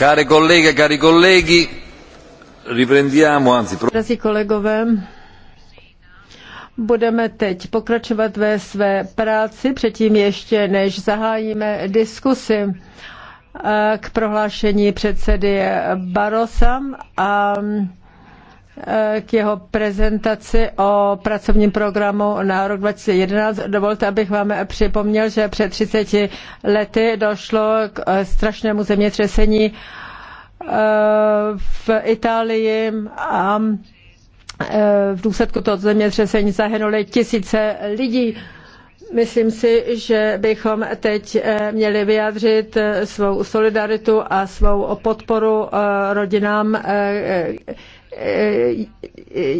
Care colleghe, cari colleghi, riprendiamo, anzi... Drazí kolegové, budeme teď pokračovat ve své práci, předtím ještě než zahájíme diskusy eh, k prohlášení předsedy Barosa a Eh, k jeho prezentaci o pracovním programu na rok 2011. Dovolte, abych vám připomněl, že před 30 lety došlo k eh, strašnému zemětřesení eh, v Itálii a v důsledku toho zemětřesení zahynuly tisíce lidí. Myslím si, že bychom teď měli vyjádřit svou solidaritu a svou podporu rodinám, Eh,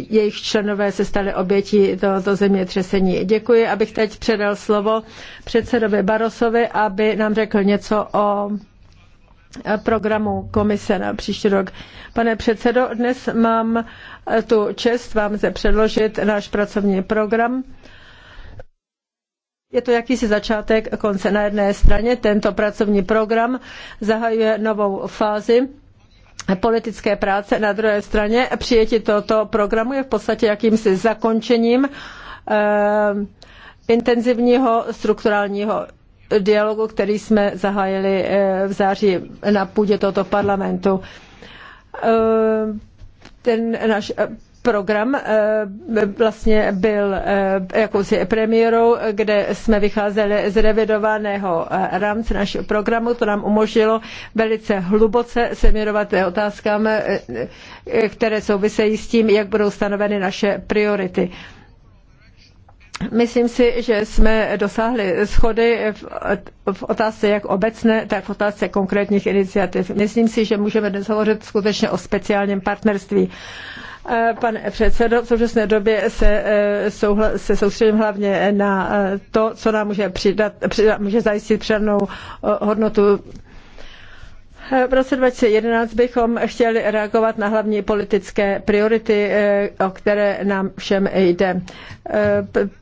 jejich členové se stali oběti tohoto zemětřesení. Děkuji, abych teď předal slovo předsedovi Barosovi, aby nám řekl něco o programu komise na příští rok. Pane předsedo, dnes mám tu čest vám se předložit náš pracovní program. Je to jakýsi začátek konce na jedné straně. Tento pracovní program zahajuje novou fázi politické práce. Na druhé straně přijetí tohoto programu je v podstatě jakýmsi zakončením eh, intenzivního strukturálního dialogu, který jsme zahájili eh, v září na půdě tohoto parlamentu. Eh, ten náš program eh, vlastně byl eh, jakousi premiérou, kde jsme vycházeli z revidovaného eh, rámce našeho programu. To nám umožnilo velice hluboce se věnovat otázkám, které souvisejí s tím, jak budou stanoveny naše priority. Myslím si, že jsme dosáhli schody v otázce jak obecné, tak v otázce konkrétních iniciativ. Myslím si, že můžeme dnes hovořit skutečně o speciálním partnerství. Eh, Pane předsedo, v současné době se, eh, se soustředím hlavně na eh, to, co nám může, přidat, přidat, může zajistit přidanou hodnotu v roce 2011 bychom chtěli reagovat na hlavní politické priority, o které nám všem jde.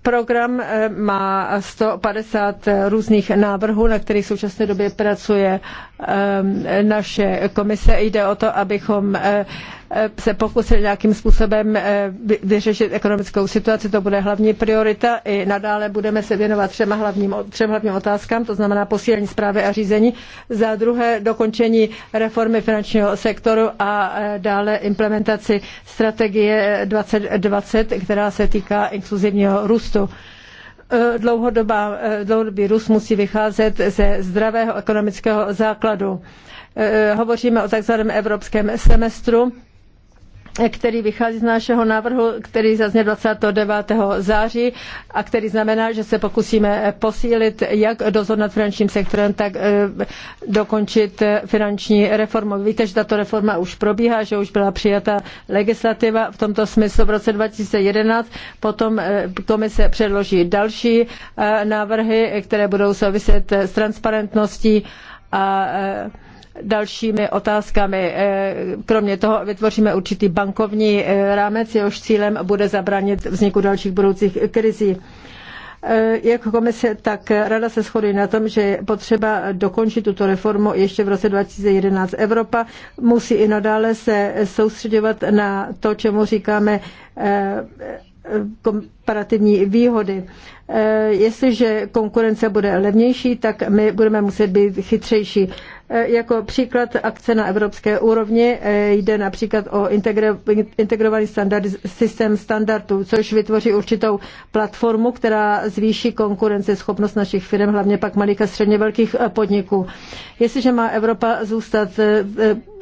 Program má 150 různých návrhů, na kterých v současné době pracuje Ehm, naše komise. Jde o to, abychom eh, se pokusili nějakým způsobem eh, vyřešit ekonomickou situaci. To bude hlavní priorita. I nadále budeme se věnovat třema hlavním, třem hlavním otázkám, to znamená posílení zprávy a řízení. Za druhé dokončení reformy finančního sektoru a eh, dále implementaci strategie 2020, která se týká inkluzivního růstu. Eh, dlouhodobá, eh, dlouhodobý růst musí vycházet ze zdravého ekonomického základu. Eh, hovoříme o takzvaném evropském semestru který vychází z našeho návrhu, který zazně 29. září a který znamená, že se pokusíme posílit jak dozor nad finančním sektorem, tak eh, dokončit finanční reformu. Víte, že tato reforma už probíhá, že už byla přijata legislativa v tomto smyslu v roce 2011. Potom eh, komise předloží další eh, návrhy, které budou souviset s transparentností a dalšími otázkami. Eh, kromě toho vytvoříme určitý bankovní eh, rámec, jehož cílem bude zabránit vzniku dalších budoucích krizí. Eh, jak komise, tak rada se shodí na tom, že je potřeba dokončit tuto reformu ještě v roce 2011. Evropa musí i nadále se soustředovat na to, čemu říkáme komparativní výhody. Jestliže konkurence bude levnější, tak my budeme muset být chytřejší. Eh, jako příklad akce na evropské úrovni eh, jde například o integrovaný standard, systém standardů, což vytvoří určitou platformu, která zvýší konkurenceschopnost našich firm, hlavně pak malých a středně velkých eh, podniků. Jestliže má Evropa zůstat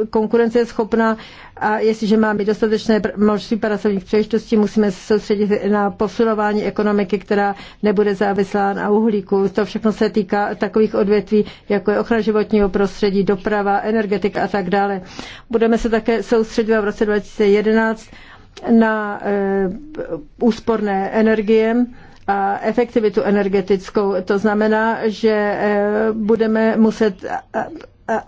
konkurenceschopná a jestliže má mít dostatečné množství pracovních příležitostí, musíme se soustředit na posilování ekonomiky, která nebude závislá na uhlíku. To všechno se týká takových odvětví, jako je ochrana životního prostředí, prostředí, doprava, energetika a tak dále. Budeme se také soustředit v roce 2011 na eh, úsporné energie a efektivitu energetickou. To znamená, že eh, budeme muset eh,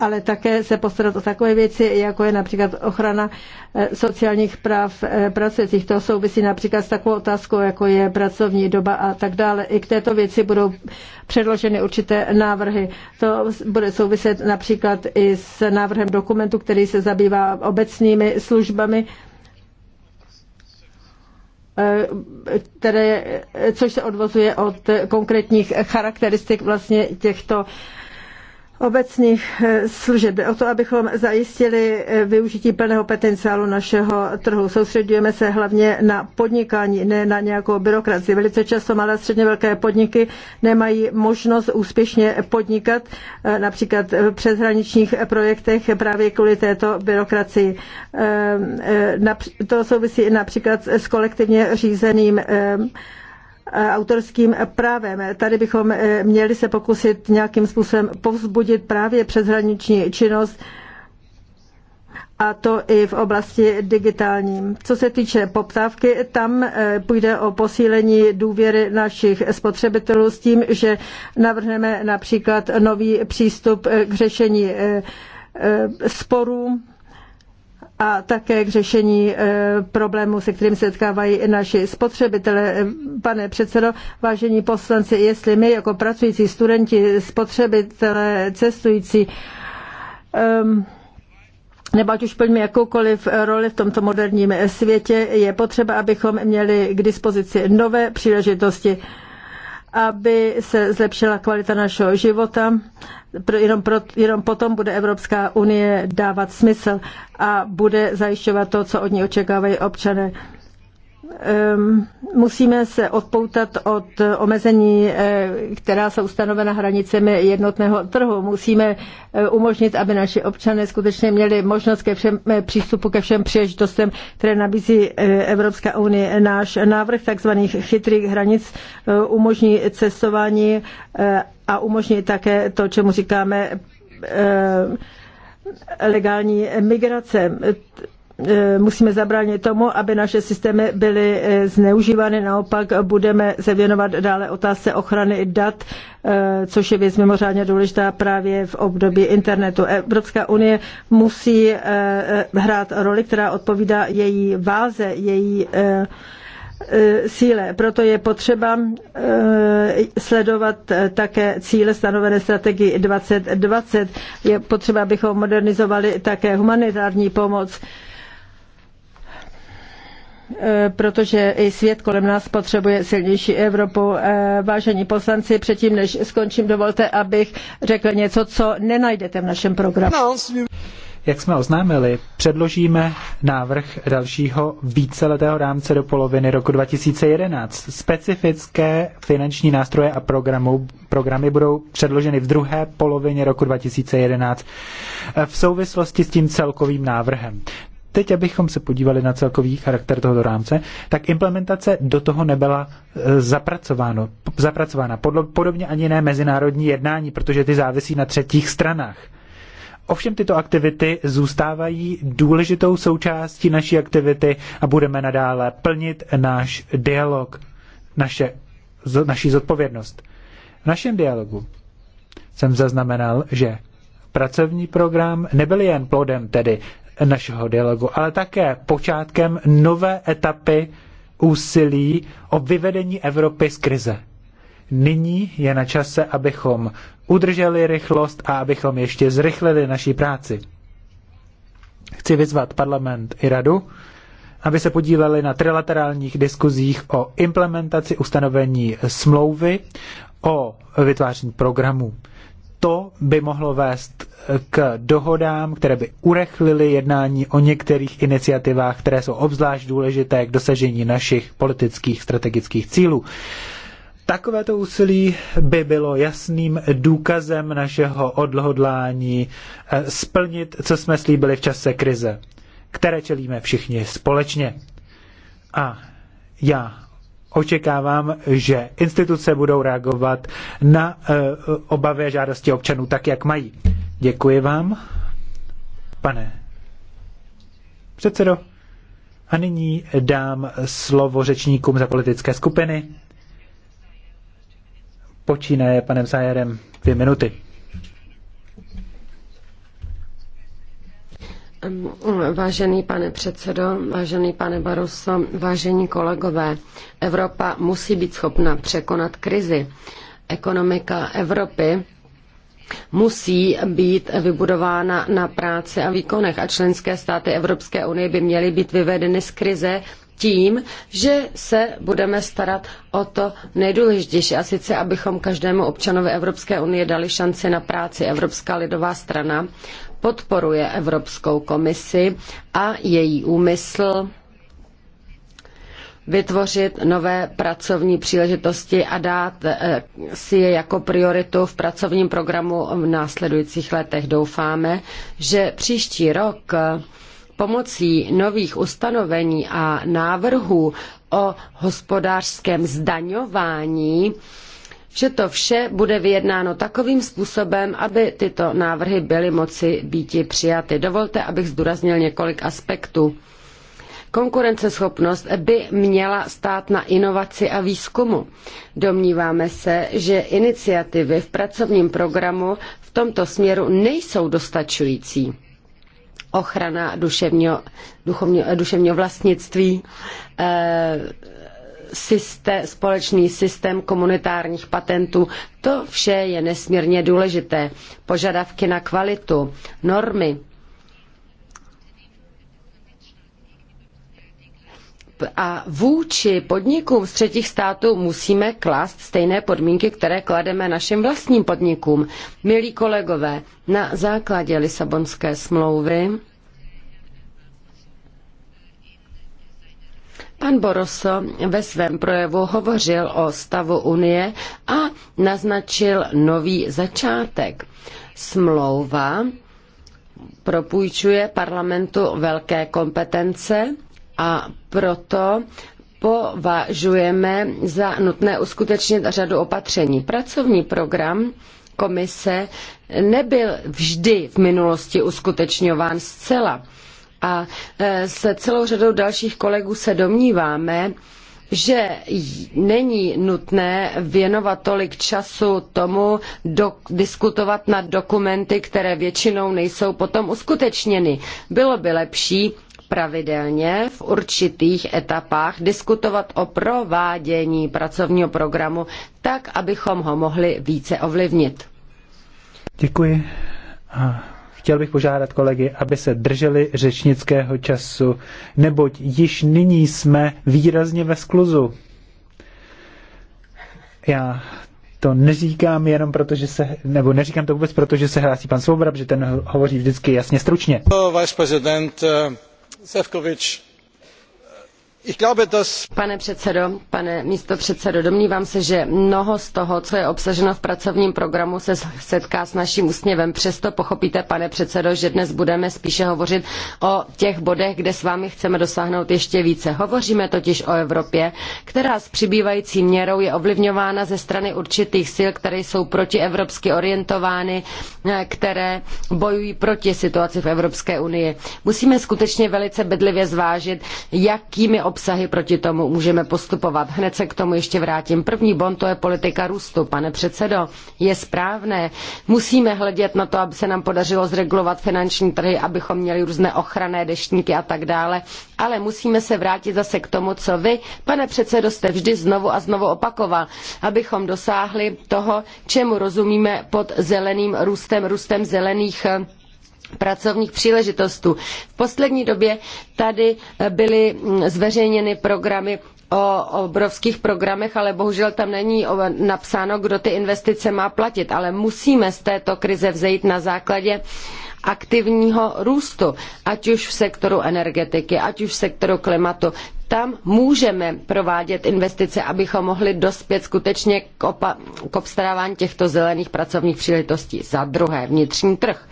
ale také se postarat o takové věci, jako je například ochrana eh, sociálních práv eh, pracujících. To souvisí například s takovou otázkou, jako je pracovní doba a tak dále. I k této věci budou předloženy určité návrhy. To bude souviset například i s návrhem dokumentu, který se zabývá obecnými službami eh, které, což se odvozuje od konkrétních charakteristik vlastně těchto obecných eh, služeb. o to, abychom zajistili eh, využití plného potenciálu našeho trhu. Soustředujeme se hlavně na podnikání, ne na nějakou byrokracii. Velice často malé a středně velké podniky nemají možnost úspěšně podnikat, eh, například v přeshraničních projektech právě kvůli této byrokracii. To souvisí například s kolektivně řízeným autorským právem. Tady bychom eh, měli se pokusit nějakým způsobem povzbudit právě přeshraniční činnost a to i v oblasti digitálním. Co se týče poptávky, tam eh, půjde o posílení důvěry našich spotřebitelů s tím, že navrhneme například nový přístup eh, k řešení sporů a také k řešení eh, problémů, se kterým setkávají i naši spotřebitelé. Pane předsedo, vážení poslanci, jestli my jako pracující studenti, spotřebitelé, cestující, um, nebo ať už plníme jakoukoliv roli v tomto moderním světě, je potřeba, abychom měli k dispozici nové příležitosti, aby se zlepšila kvalita našeho života, jenom, pro, jenom potom bude Evropská unie dávat smysl a bude zajišťovat to, co od ní očekávají občané. Ehm, musíme se odpoutat od omezení, eh, která jsou ustanovena hranicemi jednotného trhu. Musíme eh, umožnit, aby naši občané skutečně měli možnost ke všem, eh, přístupu ke všem příležitostem, které nabízí Evropská unie. Náš návrh tzv. chytrých hranic umožní cestování a umožní také to, čemu říkáme eh, legální migrace. Eh, musíme zabránit tomu, aby naše systémy byly eh, zneužívány. Naopak budeme se věnovat dále otázce ochrany dat, což je věc mimořádně důležitá právě v období internetu. Evropská unie musí hrát roli, která odpovídá její váze, její Eh, síle. Proto je potřeba eh, sledovat eh, také cíle stanovené strategii 2020. Je potřeba, abychom modernizovali také humanitární pomoc protože i svět kolem nás potřebuje silnější Evropu. Vážení poslanci, předtím než skončím, dovolte, abych řekl něco, co nenajdete v našem programu. Jak jsme oznámili, předložíme návrh dalšího víceletého rámce do poloviny roku 2011. Specifické finanční nástroje a programu, programy budou předloženy v druhé polovině roku 2011 v souvislosti s tím celkovým návrhem. Teď, abychom se podívali na celkový charakter tohoto rámce, tak implementace do toho nebyla e, zapracováno, zapracována. Podobně ani ne mezinárodní jednání, protože ty závisí na třetích stranách. Ovšem tyto aktivity zůstávají důležitou součástí naší aktivity a budeme nadále plnit náš dialog, naše, naší zodpovědnost. V našem dialogu jsem zaznamenal, že pracovní program nebyl jen plodem tedy našeho dialogu, ale také počátkem nové etapy úsilí o vyvedení Evropy z krize. Nyní je na čase, abychom udrželi rychlost a abychom ještě zrychlili naší práci. Chci vyzvat parlament i radu, aby se podíleli na trilaterálních diskuzích o implementaci ustanovení smlouvy o vytváření programů. To by mohlo vést k dohodám, které by urechlily jednání o některých iniciativách, které jsou obzvlášť důležité k dosažení našich politických strategických cílů. Takovéto úsilí by bylo jasným důkazem našeho odhodlání eh, splnit, co jsme slíbili v čase krize, které čelíme všichni společně. A já očekávám, že instituce budou reagovat na eh, obavy a žádosti občanů tak, jak mají. Děkuji vám, pane předsedo. A nyní dám slovo řečníkům za politické skupiny počínaje panem Zajerem dvě minuty. Vážený pane předsedo, vážený pane Baroso, vážení kolegové, Evropa musí být schopna překonat krizi. Ekonomika Evropy musí být vybudována na práci a výkonech a členské státy Evropské unie by měly být vyvedeny z krize tím, že se budeme starat o to nejdůležitější, a sice abychom každému občanovi Evropské unie dali šanci na práci. Evropská lidová strana podporuje Evropskou komisi a její úmysl vytvořit nové pracovní příležitosti a dát eh, si je jako prioritu v pracovním programu v následujících letech. Doufáme, že příští rok pomocí nových ustanovení a návrhů o hospodářském zdaňování, že to vše bude vyjednáno takovým způsobem, aby tyto návrhy byly moci býti přijaty. Dovolte, abych zdůraznil několik aspektů. Konkurenceschopnost by měla stát na inovaci a výzkumu. Domníváme se, že iniciativy v pracovním programu v tomto směru nejsou dostačující ochrana duševního, duchovního, duševního vlastnictví, eh, systé společný systém komunitárních patentů. To vše je nesmírně důležité. Požadavky na kvalitu, normy, a vůči podnikům z třetích států musíme klást stejné podmínky, které klademe našim vlastním podnikům. Milí kolegové, na základě Lisabonské smlouvy Pan Boroso ve svém projevu hovořil o stavu Unie a naznačil nový začátek. Smlouva propůjčuje parlamentu velké kompetence a proto považujeme za nutné uskutečnit řadu opatření. Pracovní program komise nebyl vždy v minulosti uskutečňován zcela. A e, se celou řadou dalších kolegů se domníváme, že není nutné věnovat tolik času tomu do, diskutovat nad dokumenty, které většinou nejsou potom uskutečněny. Bylo by lepší pravidelně v určitých etapách diskutovat o provádění pracovního programu tak, abychom ho mohli více ovlivnit. Děkuji. A chtěl bych požádat kolegy, aby se drželi řečnického času, neboť již nyní jsme výrazně ve skluzu. Já to neříkám jenom proto, že se, nebo neříkám to vůbec proto, že se hlásí pan Svoboda, že ten hovoří vždycky jasně stručně. Váš prezident, eh, efovi Pane předsedo, pane místopředsedo, domnívám se, že mnoho z toho, co je obsaženo v pracovním programu, se setká s naším úsměvem. Přesto pochopíte, pane předsedo, že dnes budeme spíše hovořit o těch bodech, kde s vámi chceme dosáhnout ještě více. Hovoříme totiž o Evropě, která s přibývající měrou je ovlivňována ze strany určitých sil, které jsou protievropsky orientovány, eh, které bojují proti situaci v Evropské unii. Musíme skutečně velice bedlivě zvážit, jakými obsahy, proti tomu můžeme postupovat. Hned se k tomu ještě vrátím. První bod to je politika růstu. Pane předsedo, je správné. Musíme hledět na to, aby se nám podařilo zregulovat finanční trhy, abychom měli různé ochranné deštníky a tak dále. Ale musíme se vrátit zase k tomu, co vy, pane předsedo, jste vždy znovu a znovu opakoval, abychom dosáhli toho, čemu rozumíme pod zeleným růstem, růstem zelených pracovních příležitostí. V poslední době tady eh, byly mm, zveřejněny programy o obrovských programech, ale bohužel tam není eh, napsáno, kdo ty investice má platit. Ale musíme z této krize vzejít na základě aktivního růstu, ať už v sektoru energetiky, ať už v sektoru klimatu. Tam můžeme provádět investice, abychom mohli dospět skutečně k, opa- k obstarávání těchto zelených pracovních příležitostí. Za druhé, vnitřní trh.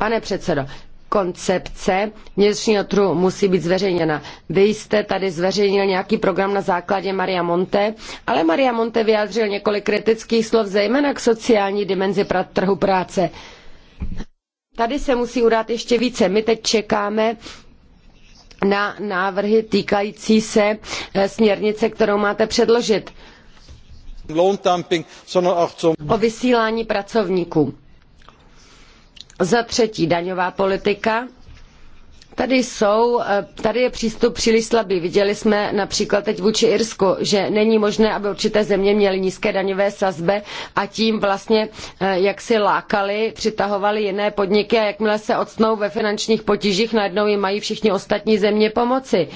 Pane předsedo, koncepce vnitřního trhu musí být zveřejněna. Vy jste tady zveřejnil nějaký program na základě Maria Monte, ale Maria Monte vyjádřil několik kritických slov, zejména k sociální dimenzi trhu práce. Tady se musí udát ještě více. My teď čekáme na návrhy týkající se eh, směrnice, kterou máte předložit. No o vysílání pracovníků za třetí daňová politika. Tady, jsou, eh, tady je přístup příliš slabý. Viděli jsme například teď vůči Irsku, že není možné, aby určité země měly nízké daňové sazby a tím vlastně eh, jak si lákali, přitahovali jiné podniky a jakmile se odstnou ve finančních potížích, najednou jim mají všichni ostatní země pomoci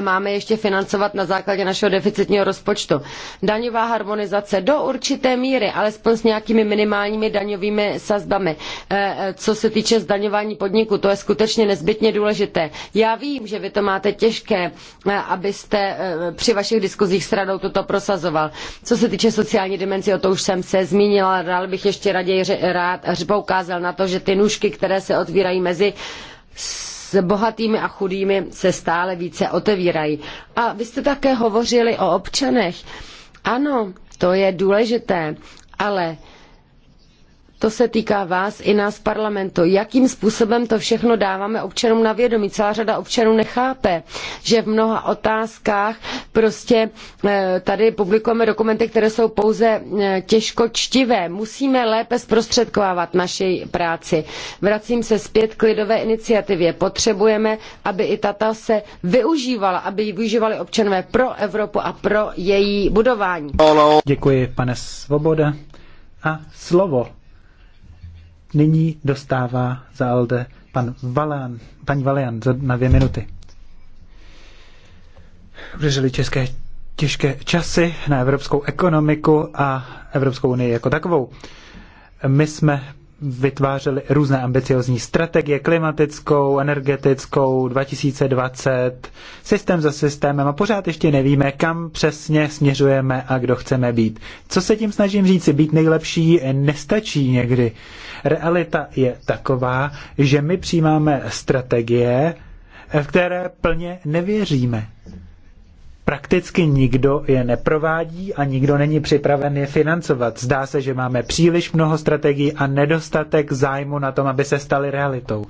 máme ještě financovat na základě našeho deficitního rozpočtu. Daňová harmonizace do určité míry, alespoň s nějakými minimálními daňovými sazbami. Eh, eh, co se týče zdaňování podniku, to je skutečně nezbytně důležité. Já vím, že vy to máte těžké, eh, abyste při vašich diskuzích s radou toto prosazoval. Co se týče sociální dimenze, o to už jsem se zmínila, dál bych ještě raději rád poukázal na to, že ty nůžky, které se otvírají mezi s bohatými a chudými se stále více otevírají. A vy jste také hovořili o občanech. Ano, to je důležité, ale to se týká vás i nás parlamentu. Jakým způsobem to všechno dáváme občanům na vědomí? Celá řada občanů nechápe, že v mnoha otázkách prostě eh, tady publikujeme dokumenty, které jsou pouze eh, těžko čtivé. Musíme lépe zprostředkovávat naši práci. Vracím se zpět k lidové iniciativě. Potřebujeme, aby i tato se využívala, aby ji využívali občanové pro Evropu a pro její budování. Děkuji, pane Svoboda. A slovo nyní dostává za Alde pan Valán, paní Valian na dvě minuty. Udeřili české těžké časy na evropskou ekonomiku a Evropskou unii jako takovou. My jsme vytvářeli různé ambiciozní strategie, klimatickou, energetickou, 2020, systém za systémem a pořád ještě nevíme, kam přesně směřujeme a kdo chceme být. Co se tím snažím říct? být nejlepší nestačí někdy. Realita je taková, že my přijímáme strategie, v které plně nevěříme prakticky nikdo je neprovádí a nikdo není připraven je financovat. Zdá se, že máme příliš mnoho strategií a nedostatek zájmu na tom, aby se staly realitou.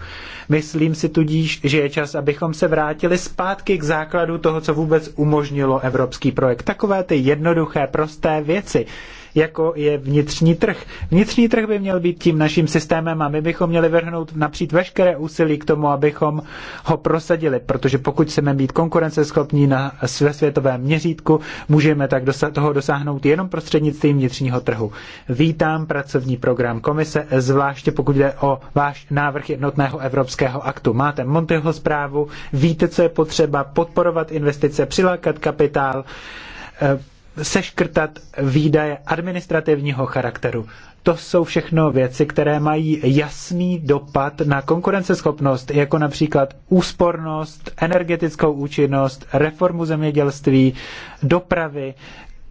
Myslím si tudíž, že je čas, abychom se vrátili zpátky k základu toho, co vůbec umožnilo evropský projekt. Takové ty jednoduché, prosté věci jako je vnitřní trh. Vnitřní trh by měl být tím naším systémem a my bychom měli vrhnout napřít veškeré úsilí k tomu, abychom ho prosadili, protože pokud chceme být konkurenceschopní na, světovém měřítku, můžeme tak dosa- toho dosáhnout jenom prostřednictvím vnitřního trhu. Vítám pracovní program komise, zvláště pokud jde o váš návrh jednotného evropského aktu. Máte Monteho zprávu, víte, co je potřeba podporovat investice, přilákat kapitál, eh, seškrtat výdaje administrativního charakteru. To jsou všechno věci, které mají jasný dopad na konkurenceschopnost, jako například úspornost, energetickou účinnost, reformu zemědělství, dopravy.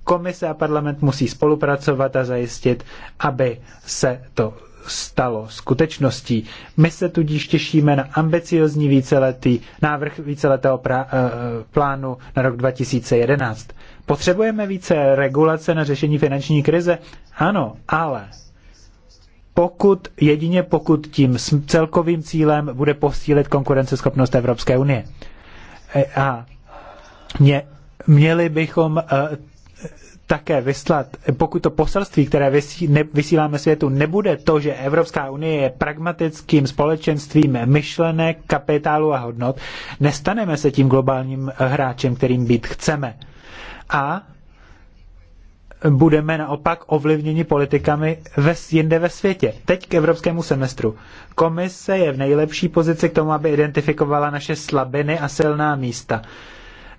Komise a parlament musí spolupracovat a zajistit, aby se to stalo skutečností. My se tudíž těšíme na ambiciozní víceletý návrh víceletého pra, uh, plánu na rok 2011. Potřebujeme více regulace na řešení finanční krize? Ano, ale pokud, jedině pokud tím celkovým cílem bude posílit konkurenceschopnost Evropské unie. E, a mě, měli bychom e, také vyslat, pokud to poselství, které vysí, ne, vysíláme světu, nebude to, že Evropská unie je pragmatickým společenstvím myšlenek, kapitálu a hodnot, nestaneme se tím globálním hráčem, kterým být chceme a budeme naopak ovlivněni politikami ve, jinde ve světě. Teď k evropskému semestru. Komise je v nejlepší pozici k tomu, aby identifikovala naše slabiny a silná místa.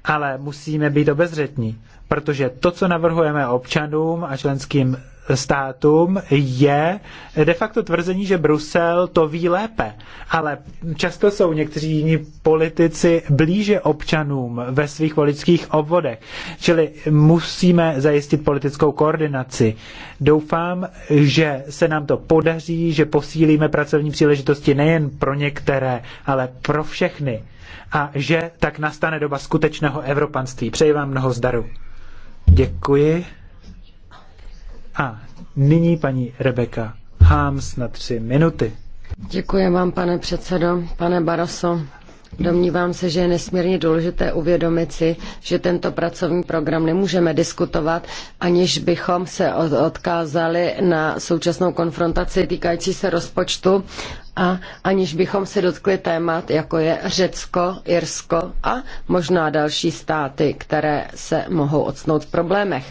Ale musíme být obezřetní, protože to, co navrhujeme občanům a členským státům je de facto tvrzení, že Brusel to ví lépe. Ale často jsou někteří jiní politici blíže občanům ve svých voličských obvodech. Čili musíme zajistit politickou koordinaci. Doufám, že se nám to podaří, že posílíme pracovní příležitosti nejen pro některé, ale pro všechny. A že tak nastane doba skutečného evropanství. Přeji vám mnoho zdaru. Děkuji. A nyní paní Rebeka Háms na tři minuty. Děkuji vám, pane předsedo, pane Baroso. Domnívám se, že je nesmírně důležité uvědomit si, že tento pracovní program nemůžeme diskutovat, aniž bychom se odkázali na současnou konfrontaci týkající se rozpočtu a aniž bychom se dotkli témat, jako je Řecko, Irsko a možná další státy, které se mohou odsnout v problémech.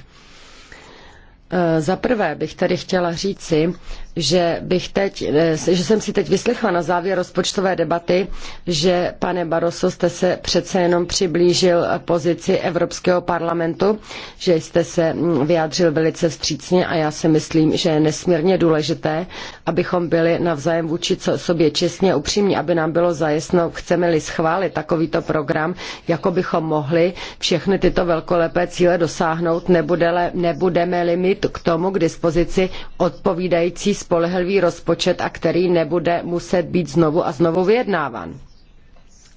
Eh, za prvé bych tedy chtěla říci, že, bych teď, eh, že jsem si teď vyslechla na závěr rozpočtové debaty, že, pane Barroso jste se přece jenom přiblížil pozici Evropského parlamentu, že jste se hm, vyjádřil velice vstřícně a já si myslím, že je nesmírně důležité, abychom byli navzájem vůči sobě čestně upřímní, aby nám bylo zajistno, chceme-li schválit takovýto program, jako bychom mohli všechny tyto velkolepé cíle dosáhnout, nebudeme-li mít k tomu k dispozici odpovídající spolehlivý rozpočet a který nebude muset být znovu a znovu vyjednáván.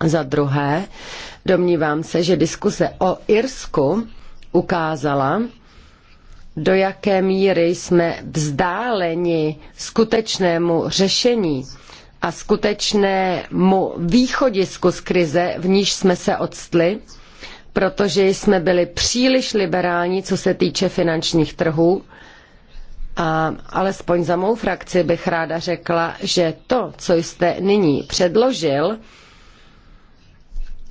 Za druhé, domnívám se, že diskuse o Irsku ukázala, do jaké míry jsme vzdáleni skutečnému řešení a skutečnému východisku z krize, v níž jsme se odstli, protože jsme byli příliš liberální, co se týče finančních trhů a alespoň za mou frakci bych ráda řekla, že to, co jste nyní předložil,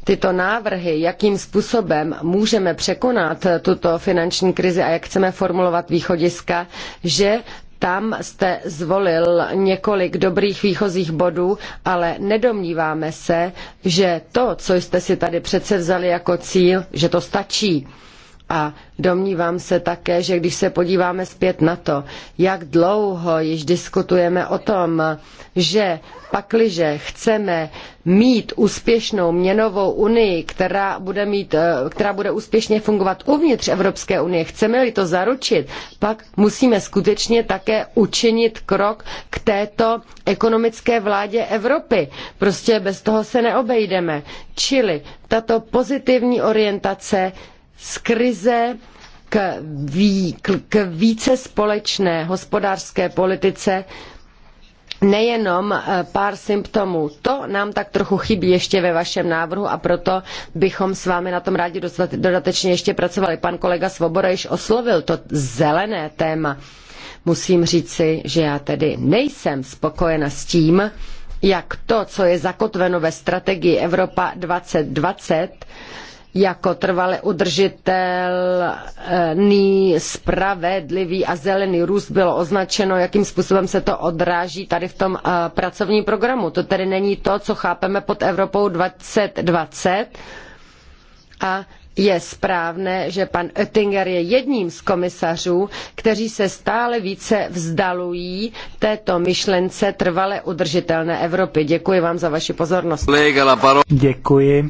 tyto návrhy, jakým způsobem můžeme překonat tuto finanční krizi a jak chceme formulovat východiska, že tam jste zvolil několik dobrých výchozích bodů, ale nedomníváme se, že to, co jste si tady přece vzali jako cíl, že to stačí. A domnívám se také, že když se podíváme zpět na to, jak dlouho již diskutujeme o tom, že pakliže chceme mít úspěšnou měnovou unii, která bude, mít, eh, která bude úspěšně fungovat uvnitř Evropské unie, chceme-li to zaručit, pak musíme skutečně také učinit krok k této ekonomické vládě Evropy. Prostě bez toho se neobejdeme. Čili tato pozitivní orientace z krize k, ví, k, k více společné hospodářské politice nejenom eh, pár symptomů. To nám tak trochu chybí ještě ve vašem návrhu a proto bychom s vámi na tom rádi dodatečně ještě pracovali. Pan kolega Svoboda již oslovil to zelené téma. Musím říci, že já tedy nejsem spokojena s tím, jak to, co je zakotveno ve strategii Evropa 2020, jako trvale udržitelný, spravedlivý a zelený růst bylo označeno, jakým způsobem se to odráží tady v tom eh, pracovním programu. To tedy není to, co chápeme pod Evropou 2020 a je správné, že pan Oettinger je jedním z komisařů, kteří se stále více vzdalují této myšlence trvale udržitelné Evropy. Děkuji vám za vaši pozornost. Děkuji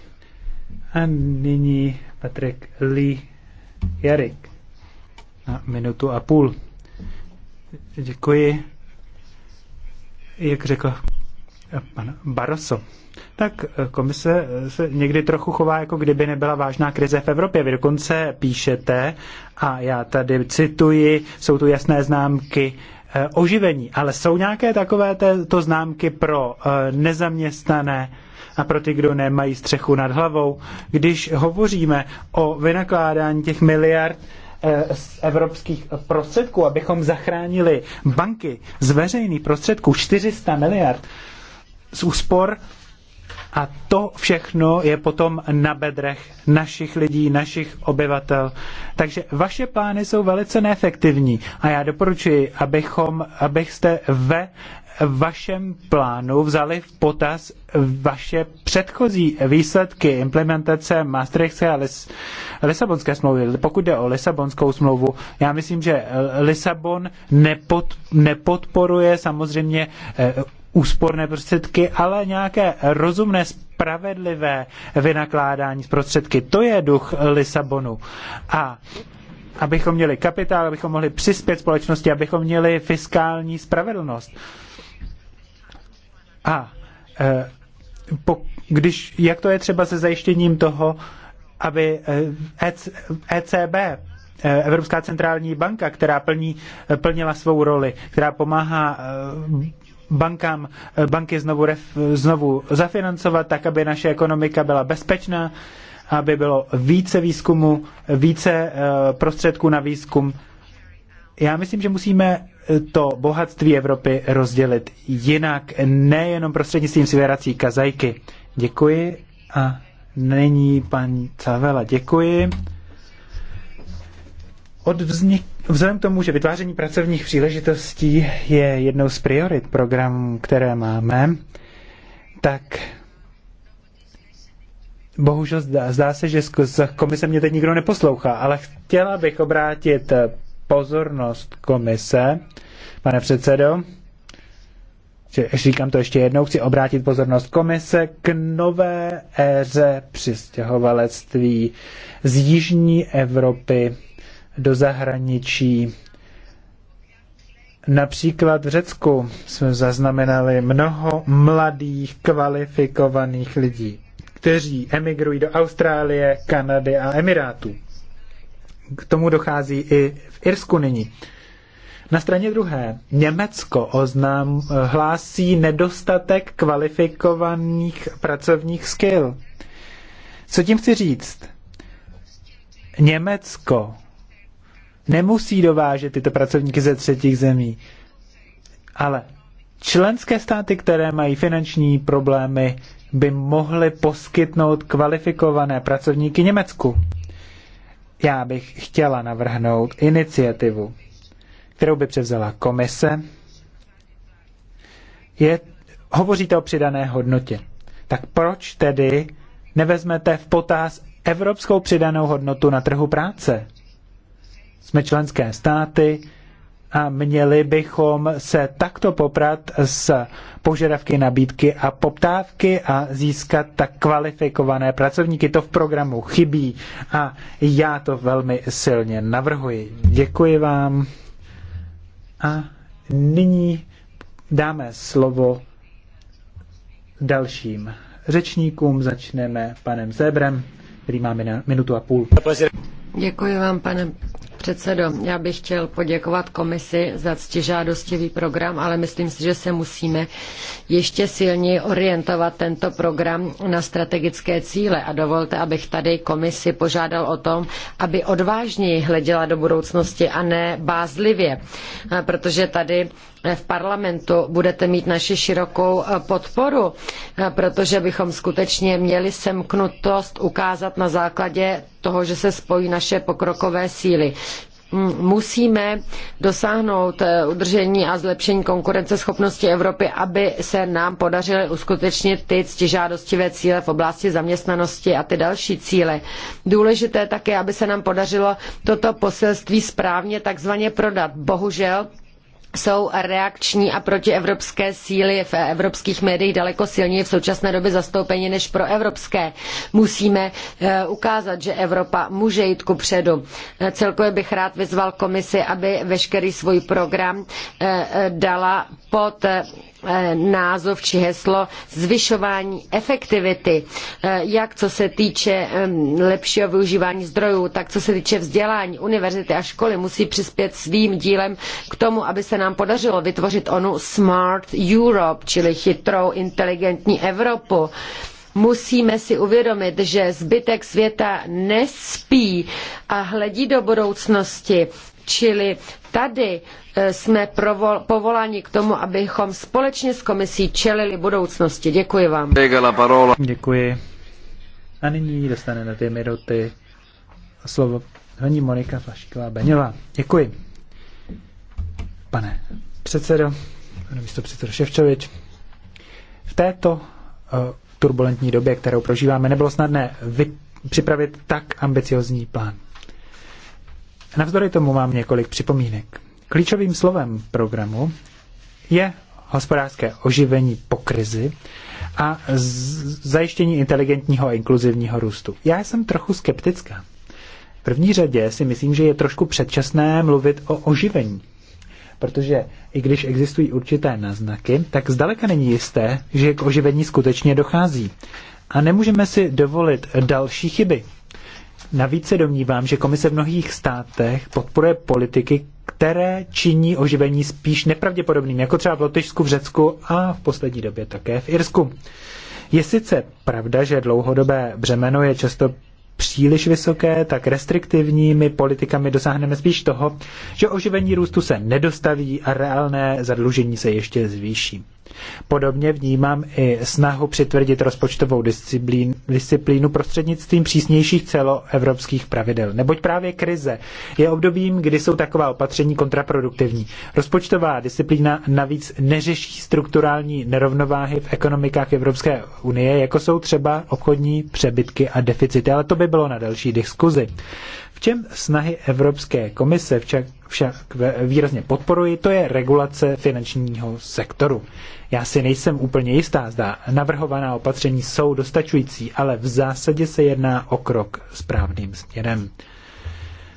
A nyní Patrik Lee Jarik na minutu a půl. Děkuji. Jak řekl pan Barroso, tak komise se někdy trochu chová, jako kdyby nebyla vážná krize v Evropě. Vy dokonce píšete, a já tady cituji, jsou tu jasné známky eh, oživení, ale jsou nějaké takové to známky pro eh, nezaměstnané, a pro ty, kdo nemají střechu nad hlavou. Když hovoříme o vynakládání těch miliard eh, z evropských prostředků, abychom zachránili banky z veřejných prostředků 400 miliard z úspor, a to všechno je potom na bedrech našich lidí, našich obyvatel. Takže vaše plány jsou velice neefektivní a já doporučuji, abychom, abyste ve vašem plánu vzali v potaz vaše předchozí výsledky implementace Maastrichtské a Lis- Lisabonské smlouvy. Pokud jde o Lisabonskou smlouvu, já myslím, že Lisabon nepod- nepodporuje samozřejmě eh, úsporné prostředky, ale nějaké rozumné, spravedlivé vynakládání z prostředky. To je duch Lisabonu. A abychom měli kapitál, abychom mohli přispět společnosti, abychom měli fiskální spravedlnost. A e, po, když, jak to je třeba se zajištěním toho, aby ECB, e e Evropská centrální banka, která plní, plnila svou roli, která pomáhá bankám, banky znovu, ref, znovu zafinancovat, tak aby naše ekonomika byla bezpečná, aby bylo více výzkumu, více prostředků na výzkum. Já myslím, že musíme to bohatství Evropy rozdělit jinak, nejenom prostřednictvím svěrací kazajky. Děkuji a není paní Cavela. Děkuji. Od vznik, vzhledem k tomu, že vytváření pracovních příležitostí je jednou z priorit programů, které máme, tak bohužel zdá, zdá se, že z komise mě teď nikdo neposlouchá, ale chtěla bych obrátit pozornost komise. Pane předsedo, říkám to ještě jednou, chci obrátit pozornost komise k nové éře přistěhovalectví z jižní Evropy do zahraničí. Například v Řecku jsme zaznamenali mnoho mladých, kvalifikovaných lidí, kteří emigrují do Austrálie, Kanady a Emirátů. K tomu dochází i Irsku nyní. Na straně druhé, Německo oznám eh, hlásí nedostatek kvalifikovaných pracovních skill. Co tím chci říct? Německo nemusí dovážet tyto pracovníky ze třetích zemí, ale členské státy, které mají finanční problémy, by mohly poskytnout kvalifikované pracovníky Německu. Já bych chtěla navrhnout iniciativu, kterou by převzala komise. Je, hovoříte o přidané hodnotě. Tak proč tedy nevezmete v potaz evropskou přidanou hodnotu na trhu práce? Jsme členské státy, a měli bychom se takto poprat s požadavky nabídky a poptávky a získat tak kvalifikované pracovníky. To v programu chybí a já to velmi silně navrhuji. Děkuji vám a nyní dáme slovo dalším řečníkům. Začneme panem Zebrem, který má minutu a půl. Děkuji vám, pane Předsedo, já bych chtěl poděkovat komisi za ctižádostivý program, ale myslím si, že se musíme ještě silněji orientovat tento program na strategické cíle a dovolte, abych tady komisi požádal o tom, aby odvážněji hleděla do budoucnosti a ne bázlivě, eh, protože tady eh, v parlamentu budete mít naši širokou eh, podporu, protože bychom skutečně měli semknutost ukázat na základě toho, že se spojí naše pokrokové síly musíme dosáhnout eh, udržení a zlepšení konkurenceschopnosti Evropy, aby se nám podařily uskutečnit ty ctižádostivé cíle v oblasti zaměstnanosti a ty další cíle. Důležité také, aby se nám podařilo toto poselství správně takzvaně prodat. Bohužel jsou reakční a protievropské síly v evropských médiích daleko silněji v současné době zastoupeni než proevropské. Musíme eh, ukázat, že Evropa může jít kupředu. Eh, celkově bych rád vyzval komisi, aby veškerý svůj program eh, dala pod Eh, název či heslo zvyšování efektivity, eh, jak co se týče lepšího využívání zdrojů, tak co se týče vzdělání, univerzity a školy musí přispět svým dílem k tomu, aby se nám podařilo vytvořit onu Smart Europe, čili chytrou, inteligentní Evropu musíme si uvědomit, že zbytek světa nespí a hledí do budoucnosti. Čili tady Eh, jsme provol, povoláni k tomu, abychom společně s komisí čelili budoucnosti. Děkuji vám. Děkuji. A nyní dostane na dvě minuty slovo paní Monika Flašíková Beňová. Děkuji. Pane předsedo, pane místo předsedo Ševčovič, v této uh, turbulentní době, kterou prožíváme, nebylo snadné vy, připravit tak ambiciozní plán. Navzdory tomu mám několik připomínek. Klíčovým slovem programu je hospodářské oživení po krizi a zajištění inteligentního a inkluzivního růstu. Já jsem trochu skeptická. V první řadě si myslím, že je trošku předčasné mluvit o oživení. Protože i když existují určité náznaky, tak zdaleka není jisté, že k oživení skutečně dochází. A nemůžeme si dovolit další chyby. Navíc se domnívám, že komise v mnohých státech podporuje politiky, které činí oživení spíš nepravděpodobným, jako třeba v Lotyšsku, v Řecku a v poslední době také v Irsku. Je sice pravda, že dlouhodobé břemeno je často příliš vysoké, tak restriktivními politikami dosáhneme spíš toho, že oživení růstu se nedostaví a reálné zadlužení se ještě zvýší. Podobně vnímám i snahu přitvrdit rozpočtovou disciplín, disciplínu prostřednictvím přísnějších celoevropských pravidel. Neboť právě krize je obdobím, kdy jsou taková opatření kontraproduktivní. Rozpočtová disciplína navíc neřeší strukturální nerovnováhy v ekonomikách Evropské unie, jako jsou třeba obchodní přebytky a deficity, ale to by bylo na další diskuzi čem snahy Evropské komise však, však výrazně podporuji, to je regulace finančního sektoru. Já si nejsem úplně jistá, zda navrhovaná opatření jsou dostačující, ale v zásadě se jedná o krok správným směrem.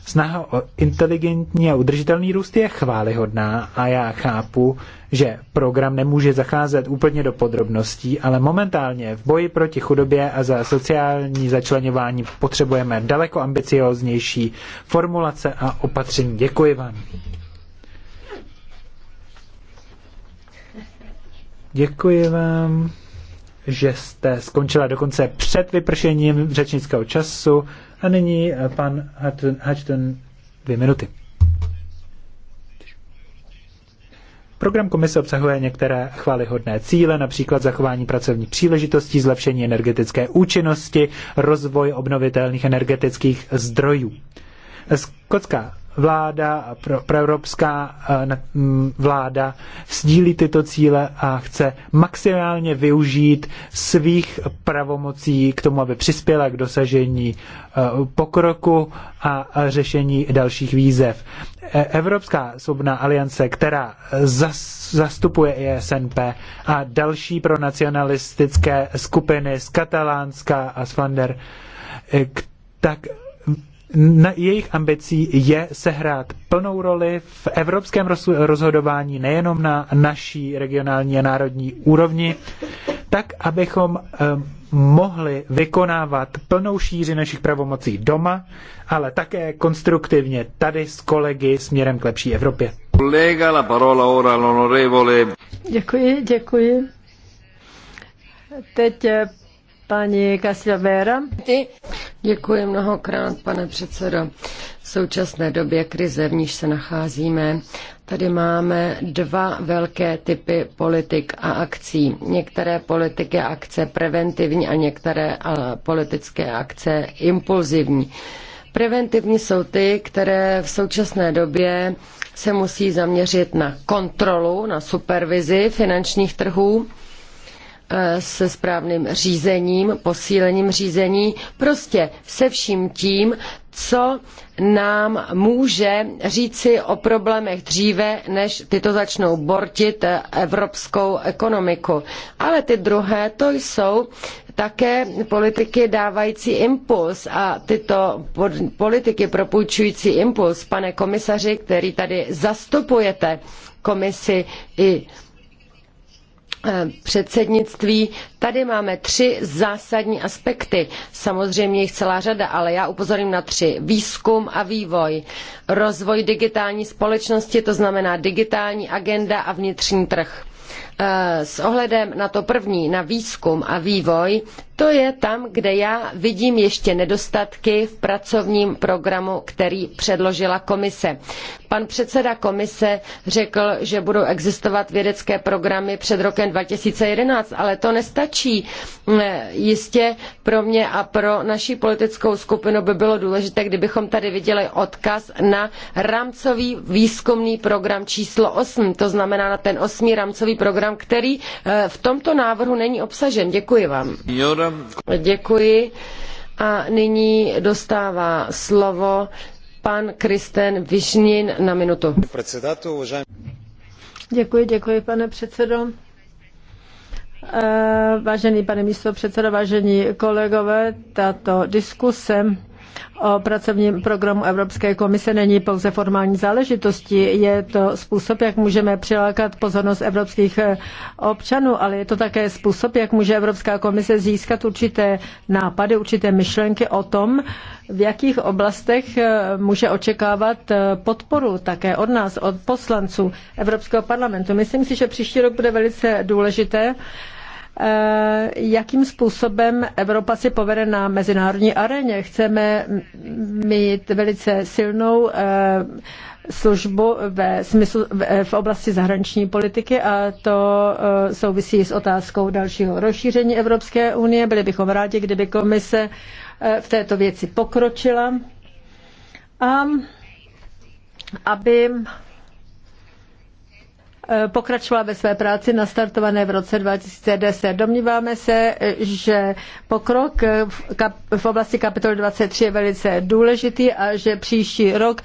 Snaha o inteligentní a udržitelný růst je chválihodná a já chápu, že program nemůže zacházet úplně do podrobností, ale momentálně v boji proti chudobě a za sociální začlenování potřebujeme daleko ambicioznější formulace a opatření. Děkuji vám. Děkuji vám že jste skončila dokonce před vypršením řečnického času. A nyní eh, pan Hudson dvě minuty. Program komise obsahuje některé chválihodné cíle, například zachování pracovních příležitostí, zlepšení energetické účinnosti, rozvoj obnovitelných energetických zdrojů. Skotská vláda, pro, proevropská eh, mm, vláda sdílí tyto cíle a chce maximálně využít svých pravomocí k tomu, aby přispěla k dosažení eh, pokroku a řešení dalších výzev. E, Evropská svobodná aliance, která zas, zastupuje i e SNP a další pro nacionalistické skupiny z Katalánska a z Flander, eh, tak na jejich ambicí je sehrát plnou roli v evropském rozhodování nejenom na naší regionální a národní úrovni, tak abychom eh, mohli vykonávat plnou šíři našich pravomocí doma, ale také konstruktivně tady s kolegy směrem k lepší Evropě. la parola ora Děkuji, děkuji. Teď eh, paní Děkuji mnohokrát, pane předsedo. V současné době krize, v níž se nacházíme, tady máme dva velké typy politik a akcí. Některé politiky a akce preventivní a některé politické akce impulzivní. Preventivní jsou ty, které v současné době se musí zaměřit na kontrolu, na supervizi finančních trhů Eh, se správným řízením, posílením řízení, prostě se vším tím, co nám může říci o problémech dříve, než tyto začnou bortit eh, evropskou ekonomiku. Ale ty druhé, to jsou také politiky dávající impuls a tyto politiky propůjčující impuls, pane komisaři, který tady zastupujete komisi i Eh, předsednictví. Tady máme tři zásadní aspekty. Samozřejmě jich celá řada, ale já upozorím na tři. Výzkum a vývoj, rozvoj digitální společnosti, to znamená digitální agenda a vnitřní trh. Eh, s ohledem na to první, na výzkum a vývoj, to je tam, kde já vidím ještě nedostatky v pracovním programu, který předložila komise. Pan předseda komise řekl, že budou existovat vědecké programy před rokem 2011, ale to nestačí. Eh, Jistě pro mě a pro naši politickou skupinu by bylo důležité, kdybychom tady viděli odkaz na rámcový výzkumný program číslo 8, to znamená na ten osmý rámcový program, který eh, v tomto návrhu není obsažen. Děkuji vám. Děkuji. A nyní dostává slovo pan Kristen Višnin na minutu. Děkuji, děkuji, pane předsedo. Eh, vážený pane místo předsedo, vážení kolegové, tato diskuse o pracovním programu Evropské komise není pouze formální záležitostí, je to způsob, jak můžeme přilákat pozornost evropských eh, občanů, ale je to také způsob, jak může Evropská komise získat určité nápady, určité myšlenky o tom, v jakých oblastech eh, může očekávat eh, podporu také od nás, od poslanců Evropského parlamentu. Myslím si, že příští rok bude velice důležité, Eh, jakým způsobem Evropa si povede na mezinárodní aréně. Chceme mít velice silnou eh, službu ve smyslu, eh, v oblasti zahraniční politiky a to souvisí s otázkou dalšího rozšíření Evropské unie. Byli bychom rádi, kdyby komise v této věci pokročila a aby Eh, pokračovala ve své práci nastartované v roce 2010. Domníváme se, že pokrok eh, v oblasti kapitoly 23 je velice důležitý a že příští rok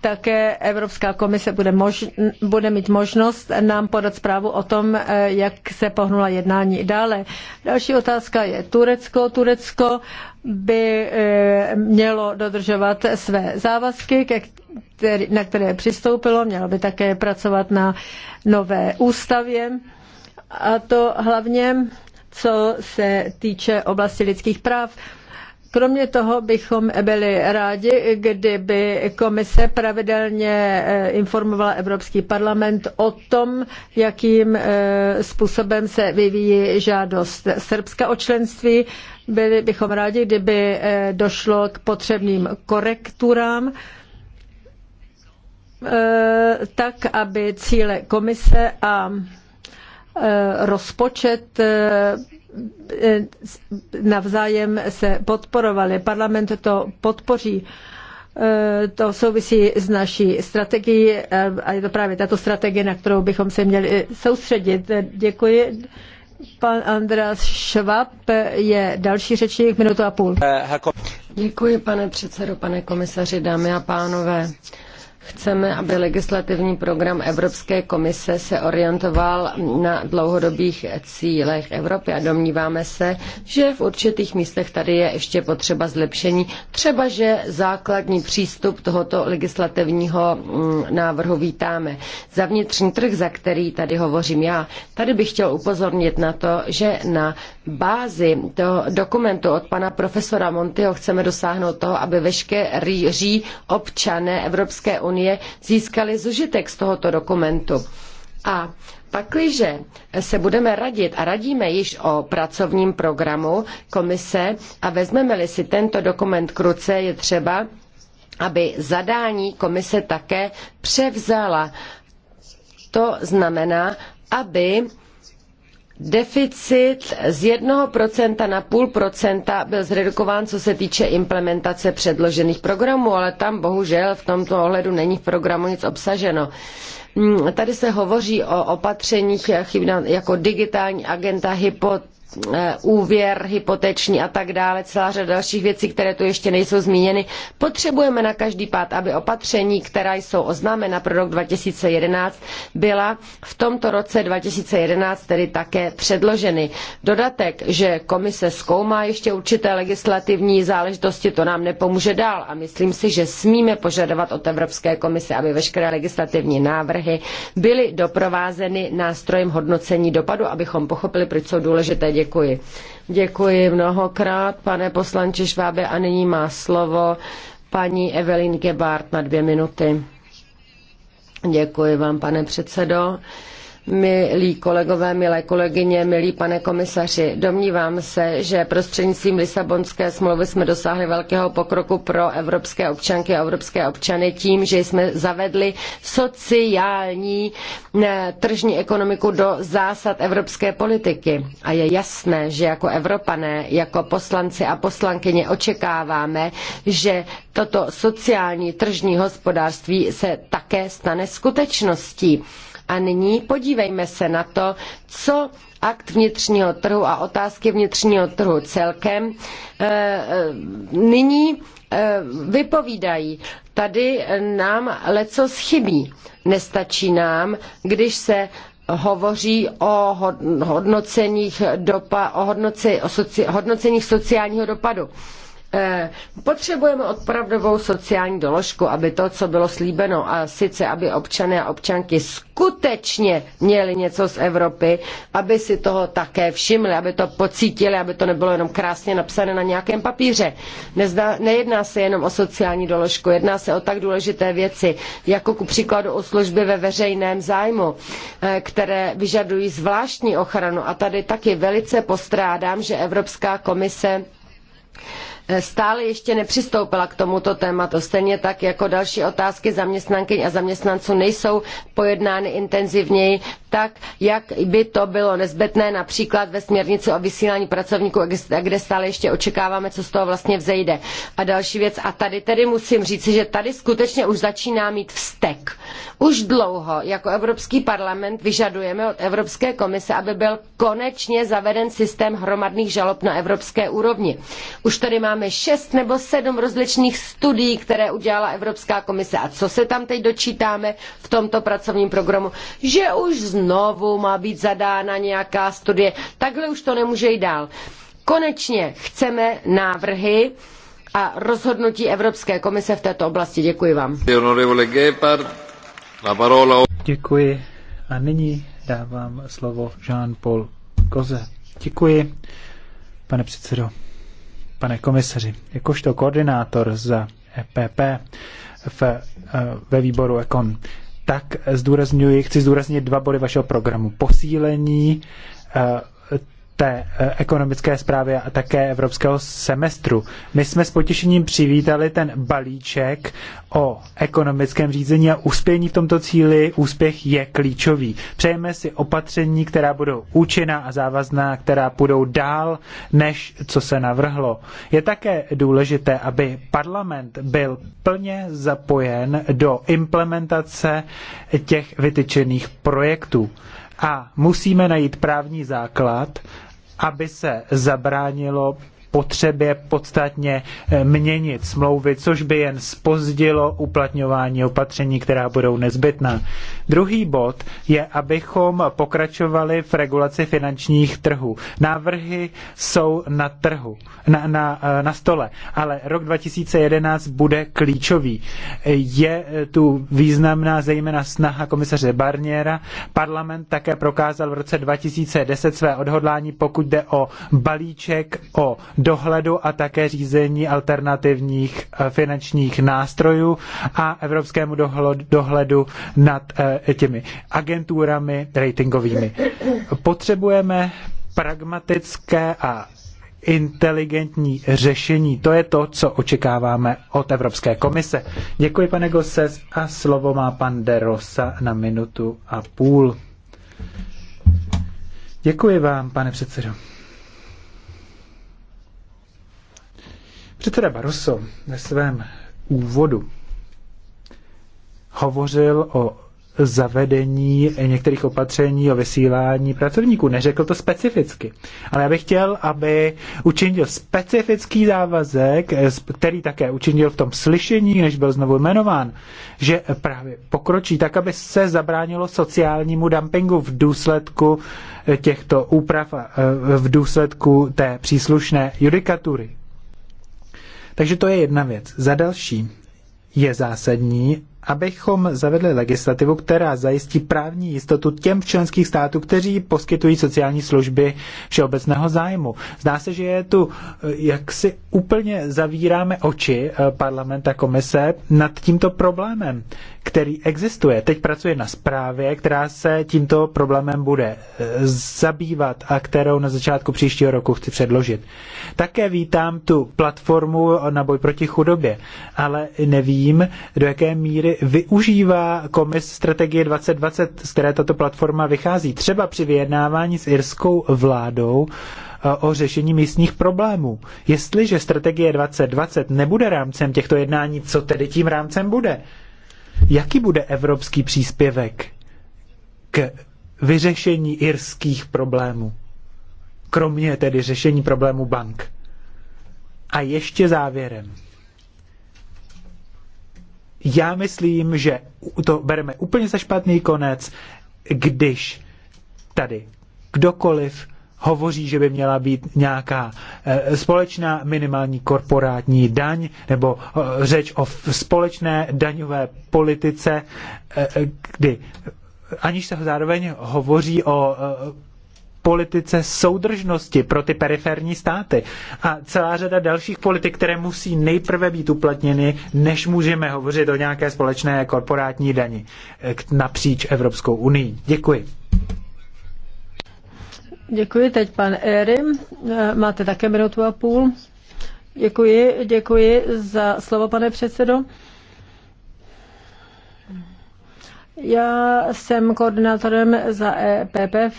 také Evropská komise bude, mož, bude mít možnost nám podat zprávu o tom, eh, jak se pohnula jednání dále. Další otázka je Turecko. Turecko by eh, mělo dodržovat své závazky, na které přistoupilo, mělo by také pracovat na nové ústavě a to hlavně co se týče oblasti lidských práv. Kromě toho bychom byli rádi, kdyby komise pravidelně eh, informovala Evropský parlament o tom, jakým eh, způsobem se vyvíjí žádost Srbska o členství. Byli bychom rádi, kdyby eh, došlo k potřebným korekturám tak, aby cíle komise a rozpočet Eh, navzájem se podporovali. Parlament to podpoří. Eh, to souvisí s naší strategií eh, a je to právě tato strategie, na kterou bychom se měli soustředit. Děkuji. Pan Andreas Schwab je další řečník, minutu a půl. Děkuji, pane předsedo, pane komisaři, dámy a pánové. Chceme, aby legislativní program Evropské komise se orientoval na dlouhodobých cílech Evropy a domníváme se, že v určitých místech tady je ještě potřeba zlepšení. Třeba, že základní přístup tohoto legislativního mm, návrhu vítáme. Za vnitřní trh, za který tady hovořím já, tady bych chtěl upozornit na to, že na bázi toho dokumentu od pana profesora Montyho chceme dosáhnout toho, aby veškerí občané Evropské unie získali zužitek z tohoto dokumentu. A Pakliže se budeme radit a radíme již o pracovním programu komise a vezmeme-li si tento dokument k ruce, je třeba, aby zadání komise také převzala. To znamená, aby Deficit z 1% na půl procenta byl zredukován, co se týče implementace předložených programů, ale tam bohužel v tomto ohledu není v programu nic obsaženo. Hmm, tady se hovoří o opatřeních jako digitální agenta, hypotéka, Eh, úvěr hypoteční a tak dále, celá řada dalších věcí, které tu ještě nejsou zmíněny. Potřebujeme na každý pád, aby opatření, která jsou oznámena pro rok 2011, byla v tomto roce 2011 tedy také předloženy. Dodatek, že komise zkoumá ještě určité legislativní záležitosti, to nám nepomůže dál a myslím si, že smíme požadovat od Evropské komise, aby veškeré legislativní návrhy byly doprovázeny nástrojem hodnocení dopadu, abychom pochopili, proč jsou důležité. Děkuji. Děkuji. Děkuji mnohokrát, pane poslanče Švábe, a nyní má slovo paní Evelyn Gebhardt na dvě minuty. Děkuji vám, pane předsedo. Milí kolegové, milé kolegyně, milí pane komisaři, domnívám se, že prostřednictvím Lisabonské smlouvy jsme dosáhli velkého pokroku pro evropské občanky a evropské občany tím, že jsme zavedli sociální tržní ekonomiku do zásad evropské politiky. A je jasné, že jako Evropané, jako poslanci a poslankyně očekáváme, že toto sociální tržní hospodářství se také stane skutečností. A nyní podívejme se na to, co akt vnitřního trhu a otázky vnitřního trhu celkem eh, eh, nyní eh, vypovídají. Tady nám leco chybí. Nestačí nám, když se hovoří o hodnoceních, dopa, o hodnoceních sociálního dopadu. Eh, potřebujeme opravdovou sociální doložku, aby to, co bylo slíbeno, a sice aby občané a občanky skutečně měli něco z Evropy, aby si toho také všimli, aby to pocítili, aby to nebylo jenom krásně napsané na nějakém papíře. Nezda, nejedná se jenom o sociální doložku, jedná se o tak důležité věci, jako ku příkladu o služby ve veřejném zájmu, eh, které vyžadují zvláštní ochranu. A tady taky velice postrádám, že Evropská komise Eh, stále ještě nepřistoupila k tomuto tématu. Stejně tak jako další otázky zaměstnankyň a zaměstnanců nejsou pojednány intenzivněji, tak jak by to bylo nezbytné například ve směrnici o vysílání pracovníků, kde stále ještě očekáváme, co z toho vlastně vzejde. A další věc, a tady tedy musím říci, že tady skutečně už začíná mít vztek. Už dlouho jako Evropský parlament vyžadujeme od Evropské komise, aby byl konečně zaveden systém hromadných žalob na evropské úrovni. Už tady máme máme šest nebo sedm rozličných studií, které udělala Evropská komise. A co se tam teď dočítáme v tomto pracovním programu? Že už znovu má být zadána nějaká studie. Takhle už to nemůže jít dál. Konečně chceme návrhy a rozhodnutí Evropské komise v této oblasti. Děkuji vám. Děkuji. A nyní dávám slovo Jean-Paul Koze. Děkuji, pane předsedo pane komisaři. Jakožto koordinátor za EPP v, eh, ve výboru EKON, tak zdůraznuju, chci zdůraznit dva body vašeho programu. Posílení eh, té eh, ekonomické zprávy a také evropského semestru. My jsme s potěšením přivítali ten balíček o ekonomickém řízení a úspění v tomto cíli. Úspěch je klíčový. Přejeme si opatření, která budou účinná a závazná, která půjdou dál, než co se navrhlo. Je také důležité, aby parlament byl plně zapojen do implementace těch vytyčených projektů a musíme najít právní základ, aby se zabránilo potřebě podstatně eh, měnit smlouvy, což by jen spozdilo uplatňování opatření, která budou nezbytná. Druhý bod je, abychom pokračovali v regulaci finančních trhů. Návrhy jsou na trhu, na, na, eh, na stole, ale rok 2011 bude klíčový. Je eh, tu významná zejména snaha komisaře Barniera. Parlament také prokázal v roce 2010 své odhodlání, pokud jde o balíček o dohledu a také řízení alternativních eh, finančních nástrojů a evropskému dohledu nad eh, těmi agenturami ratingovými. Potřebujeme pragmatické a inteligentní řešení. To je to, co očekáváme od Evropské komise. Děkuji, pane Goses, a slovo má pan De Rosa na minutu a půl. Děkuji vám, pane předsedo. Předseda Barroso ve svém úvodu hovořil o zavedení některých opatření o vysílání pracovníků. Neřekl to specificky, ale já bych chtěl, aby učinil specifický závazek, který také učinil v tom slyšení, než byl znovu jmenován, že právě pokročí tak, aby se zabránilo sociálnímu dumpingu v důsledku těchto úprav v důsledku té příslušné judikatury. Takže to je jedna věc. Za další je zásadní, abychom zavedli legislativu, která zajistí právní jistotu těm členských států, kteří poskytují sociální služby všeobecného zájmu. Zdá se, že je tu, eh, jak si úplně zavíráme oči eh, parlament a komise nad tímto problémem, který existuje. Teď pracuje na zprávě, která se tímto problémem bude eh, zabývat a kterou na začátku příštího roku chci předložit. Také vítám tu platformu na boj proti chudobě, ale nevím, do jaké míry využívá komis strategie 2020, z které tato platforma vychází, třeba při vyjednávání s irskou vládou eh, o řešení místních problémů. Jestliže strategie 2020 nebude rámcem těchto jednání, co tedy tím rámcem bude? Jaký bude evropský příspěvek k vyřešení irských problémů? Kromě tedy řešení problémů bank. A ještě závěrem. Já myslím, že to bereme úplně za špatný konec, když tady kdokoliv hovoří, že by měla být nějaká eh, společná minimální korporátní daň nebo eh, řeč o společné daňové politice, eh, kdy aniž se zároveň hovoří o politice soudržnosti pro ty periferní státy a celá řada dalších politik, které musí nejprve být uplatněny, než můžeme hovořit o nějaké společné korporátní dani eh, napříč Evropskou unii. Děkuji. Děkuji, teď pan Éry. Eh, máte také minutu a půl. Děkuji, děkuji za slovo, pane předsedo. Já jsem koordinátorem za EPP e,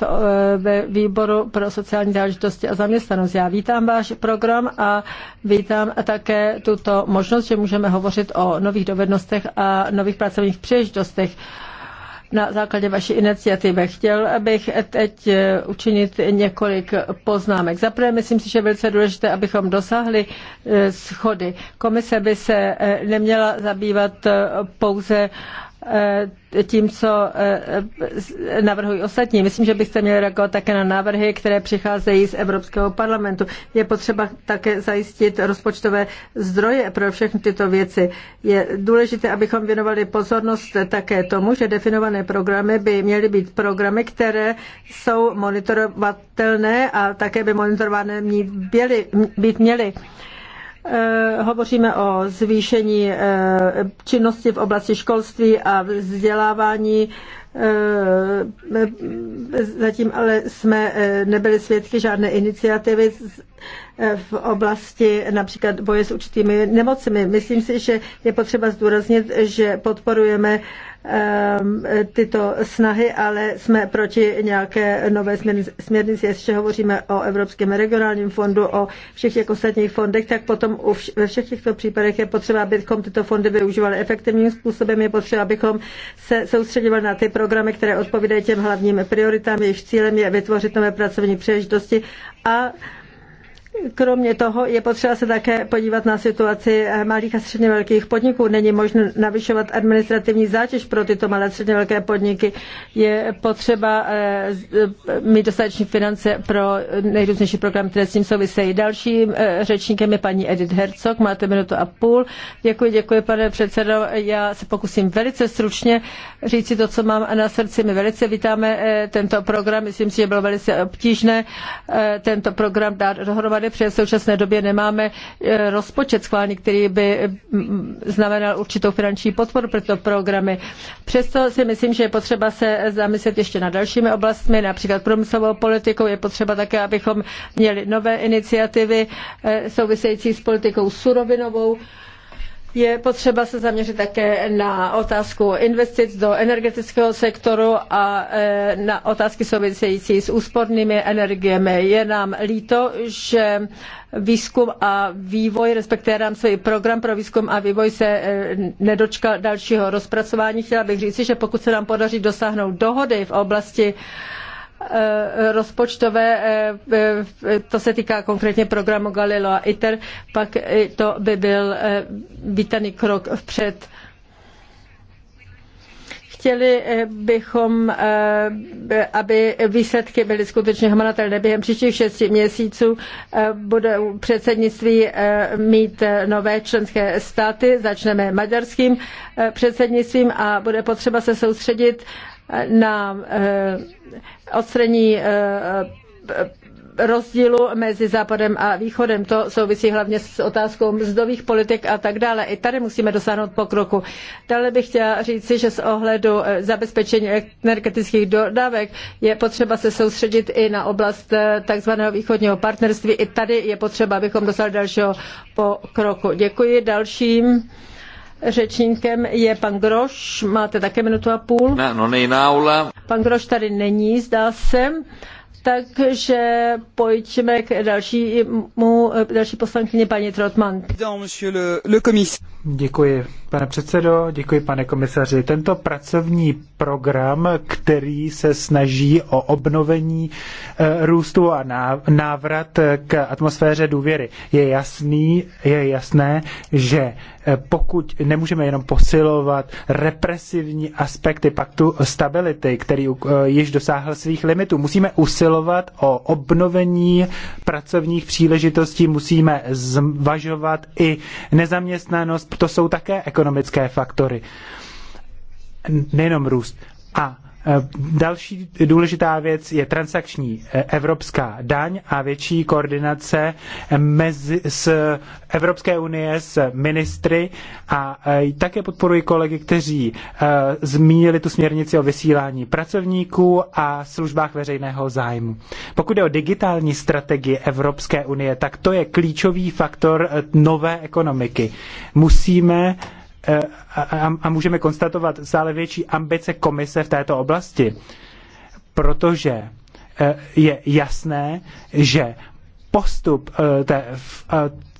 ve výboru pro sociální záležitosti a zaměstnanost. Já vítám váš program a vítám také tuto možnost, že můžeme hovořit o nových dovednostech a nových pracovních příležitostech na základě vaší iniciativy. Chtěl bych teď učinit několik poznámek. Za prvé, myslím si, že je velice důležité, abychom dosáhli e, schody. Komise by se e, neměla zabývat pouze Eh, tím, co eh, eh, navrhují ostatní. Myslím, že byste měli reagovat také na návrhy, které přicházejí z Evropského parlamentu. Je potřeba také zajistit rozpočtové zdroje pro všechny tyto věci. Je důležité, abychom věnovali pozornost také tomu, že definované programy by měly být programy, které jsou monitorovatelné a také by monitorované být měly. Eh, hovoříme o zvýšení eh, činnosti v oblasti školství a vzdělávání Eh, eh, zatím ale jsme eh, nebyli svědky žádné iniciativy v oblasti například boje s určitými nemocemi. Myslím si, že je potřeba zdůraznit, že podporujeme ehm, tyto snahy, ale jsme proti nějaké nové směrnici. Jestliže hovoříme o Evropském regionálním fondu, o všech těch ostatních fondech, tak potom ve všech těchto případech je potřeba, abychom tyto fondy využívali efektivním způsobem, je potřeba, abychom se soustředili na ty pro programy, které odpovídají těm hlavním prioritám. jejichž cílem je vytvořit nové pracovní příležitosti a Kromě toho je potřeba se také podívat na situaci malých a středně velkých podniků. Není možné navyšovat administrativní zátěž pro tyto malé a středně velké podniky. Je potřeba eh, mít dostatečné finance pro nejrůznější program, které s tím souvisejí. Dalším eh, řečníkem je paní Edith Herzog. Máte minutu a půl. Děkuji, děkuji, pane předsedo. Já se pokusím velice stručně říci to, co mám na srdci. My velice vítáme eh, tento program. Myslím si, že bylo velice obtížné tento program dát dohromady právě při současné době nemáme eh, rozpočet schválný, který by mm, znamenal určitou finanční podporu pro tyto programy. Přesto si myslím, že je potřeba se zamyslet ještě na dalšími oblastmi, například průmyslovou politikou. Je potřeba také, abychom měli nové iniciativy eh, související s politikou surovinovou. Je potřeba se zaměřit také na otázku investic do energetického sektoru a e, na otázky související s úspornými energiemi. Je nám líto, že výzkum a vývoj, respektive rámcový program pro výzkum a vývoj se e, nedočkal dalšího rozpracování. Chtěla bych říci, že pokud se nám podaří dosáhnout dohody v oblasti Eh, rozpočtové, eh, eh, to se týká konkrétně programu Galileo a ITER, pak to by byl vítaný krok vpřed chtěli bychom, aby výsledky byly skutečně hmatatelné. Během příštích šesti měsíců bude předsednictví mít nové členské státy. Začneme maďarským předsednictvím a bude potřeba se soustředit na eh, odstranění eh, rozdílu mezi západem a východem. To souvisí hlavně s otázkou mzdových politik a tak dále. I tady musíme dosáhnout pokroku. Dále bych chtěla říci, že z ohledu eh, zabezpečení energetických dodávek je potřeba se soustředit i na oblast takzvaného východního partnerství. I tady je potřeba, abychom dosáhli dalšího pokroku. Děkuji dalším řečníkem je pan Groš. Máte také minutu a půl. Ne, no nejnáula. Pan Groš tady není, zdá se. Takže pojďme k dalšímu, další poslankyni paní Trotman. Děkuji, pane předsedo, děkuji pane komisaři. Tento pracovní program, který se snaží o obnovení eh, růstu a návrat k atmosféře důvěry, je jasný, je jasné, že eh, pokud nemůžeme jenom posilovat represivní aspekty paktu stability, který eh, již dosáhl svých limitů, musíme usilovat o obnovení pracovních příležitostí, musíme zvažovat i nezaměstnanost, to jsou také ekonomické ekonomické faktory. Nejenom růst. A e, Další důležitá věc je transakční e, evropská daň a větší koordinace mezi, s Evropské unie s ministry a e, také podporuji kolegy, kteří zmínili tu směrnici o vysílání pracovníků a službách veřejného zájmu. Pokud je o digitální strategii Evropské unie, tak to je klíčový faktor nové ekonomiky. Musíme Eh, a, a můžeme konstatovat stále větší ambice komise v této oblasti, protože eh, je jasné, že postup eh, té,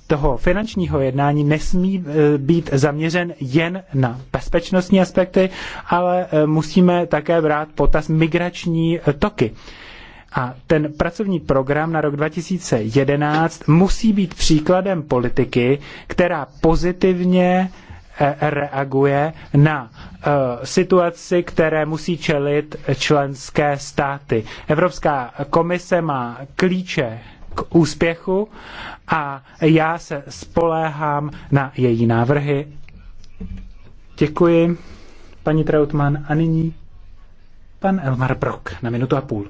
toho finančního jednání nesmí být zaměřen jen na bezpečnostní aspekty, ale musíme také brát potaz migrační toky. A ten pracovní program na rok 2011 musí být příkladem politiky, která pozitivně reaguje na eh, situaci, které musí čelit členské státy. Evropská komise má klíče k úspěchu a já se spoléhám na její návrhy. Děkuji, paní Trautmann. A nyní pan Elmar Brok na minutu a půl.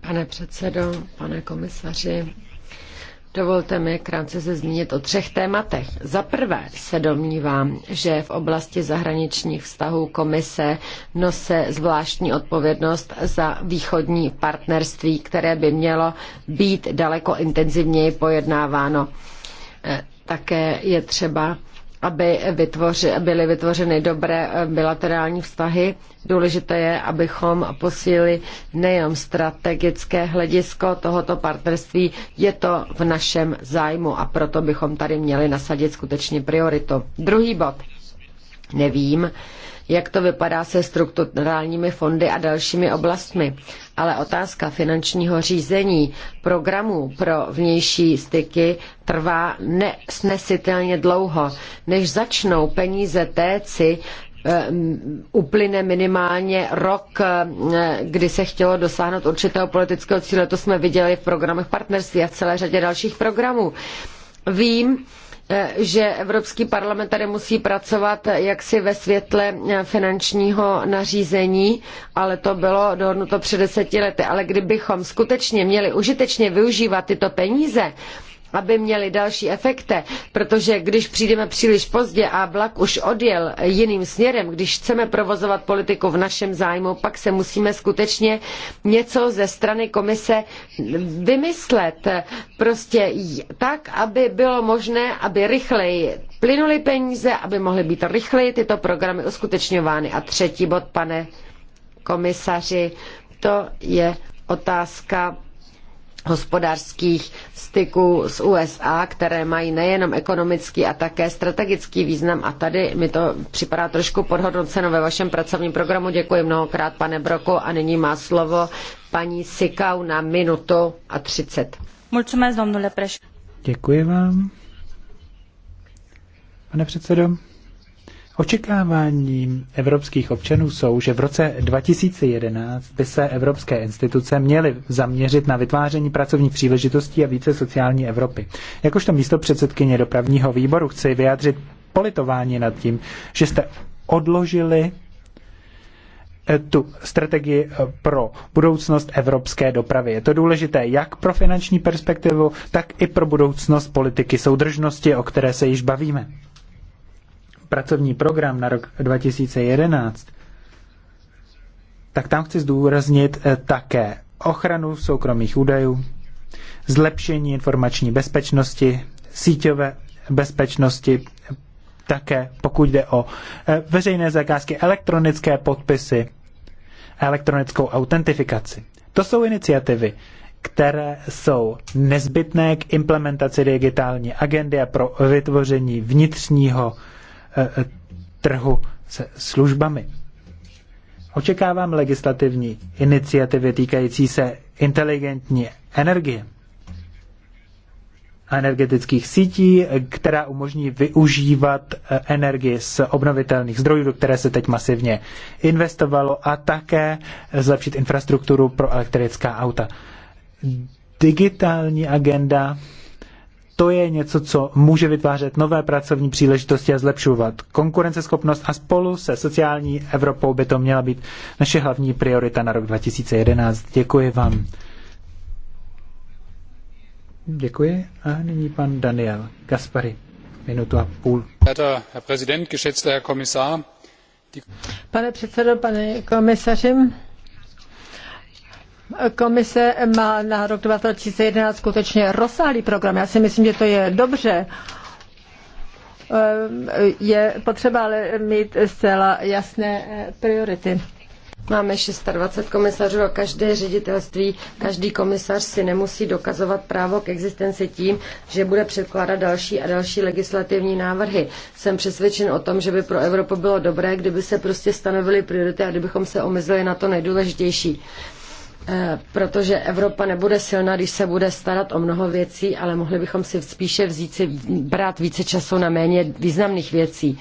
Pane předsedo, pane komisaři, Dovolte mi krátce se zmínit o třech tématech. Za prvé se domnívám, že v oblasti zahraničních vztahů komise nose zvláštní odpovědnost za východní partnerství, které by mělo být daleko intenzivněji pojednáváno. Eh, také je třeba aby vytvoři, byly vytvořeny dobré eh, bilaterální vztahy. Důležité je, abychom posílili nejen strategické hledisko tohoto partnerství, je to v našem zájmu a proto bychom tady měli nasadit skutečně prioritu. Druhý bod. Nevím, jak to vypadá se strukturálními fondy a dalšími oblastmi. Ale otázka finančního řízení programů pro vnější styky trvá nesnesitelně dlouho, než začnou peníze téci eh, uplyne minimálně rok, eh, kdy se chtělo dosáhnout určitého politického cíle. To jsme viděli v programech partnerství a v celé řadě dalších programů. Vím, Eh, že Evropský parlament tady musí pracovat jaksi ve světle finančního nařízení, ale to bylo dohodnuto před deseti lety. Ale kdybychom skutečně měli užitečně využívat tyto peníze, aby měly další efekty, protože když přijdeme příliš pozdě a vlak už odjel jiným směrem, když chceme provozovat politiku v našem zájmu, pak se musíme skutečně něco ze strany komise vymyslet. Prostě tak, aby bylo možné, aby rychleji plynuly peníze, aby mohly být rychleji tyto programy uskutečňovány. A třetí bod, pane komisaři, to je otázka hospodářských styku s USA, které mají nejenom ekonomický a také strategický význam. A tady mi to připadá trošku podhodnoceno ve vašem pracovním programu. Děkuji mnohokrát, pane Broko. A nyní má slovo paní Sikau na minutu a třicet. Děkuji vám. Pane předsedo, Očekáváním evropských občanů jsou, že v roce 2011 by se evropské instituce měly zaměřit na vytváření pracovních příležitostí a více sociální Evropy. Jakožto místo předsedkyně dopravního výboru chci vyjádřit politování nad tím, že jste odložili eh, tu strategii eh, pro budoucnost evropské dopravy. Je to důležité jak pro finanční perspektivu, tak i pro budoucnost politiky soudržnosti, o které se již bavíme pracovní program na rok 2011, tak tam chci zdůraznit eh, také ochranu soukromých údajů, zlepšení informační bezpečnosti, síťové bezpečnosti, také pokud jde o eh, veřejné zakázky, elektronické podpisy, elektronickou autentifikaci. To jsou iniciativy, které jsou nezbytné k implementaci digitální agendy a pro vytvoření vnitřního Eh, eh, trhu se službami. Očekávám legislativní iniciativy týkající se inteligentní energie a energetických sítí, která umožní využívat eh, energii z obnovitelných zdrojů, do které se teď masivně investovalo, a také zlepšit infrastrukturu pro elektrická auta. Digitální agenda to je něco, co může vytvářet nové pracovní příležitosti a zlepšovat konkurenceschopnost a spolu se sociální Evropou by to měla být naše hlavní priorita na rok 2011. Děkuji vám. Děkuji. A nyní pan Daniel Gaspari. Minutu a půl. Pane předsedo, pane komisaři, komise má na rok 2011 skutečně rozsáhlý program. Já si myslím, že to je dobře. Eh, je potřeba ale mít zcela jasné eh, priority. Máme 26 komisařů a každé ředitelství, každý komisař si nemusí dokazovat právo k existenci tím, že bude předkládat další a další legislativní návrhy. Jsem přesvědčen o tom, že by pro Evropu bylo dobré, kdyby se prostě stanovily priority a kdybychom se omezili na to nejdůležitější. Eh, protože Evropa nebude silná, když se bude starat o mnoho věcí, ale mohli bychom si spíše vzít si, brát více času na méně významných věcí.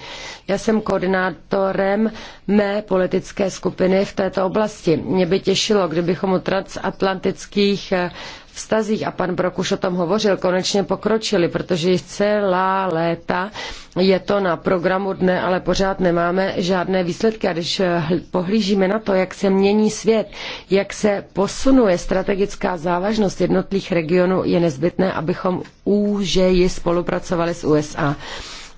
Já jsem koordinátorem mé politické skupiny v této oblasti. Mě by těšilo, kdybychom u transatlantických eh, vztazích, a pan Brok už o tom hovořil, konečně pokročili, protože již celá léta je to na programu dne, ale pořád nemáme žádné výsledky. A když pohlížíme na to, jak se mění svět, jak se posunuje strategická závažnost jednotlivých regionů, je nezbytné, abychom úžeji spolupracovali s USA.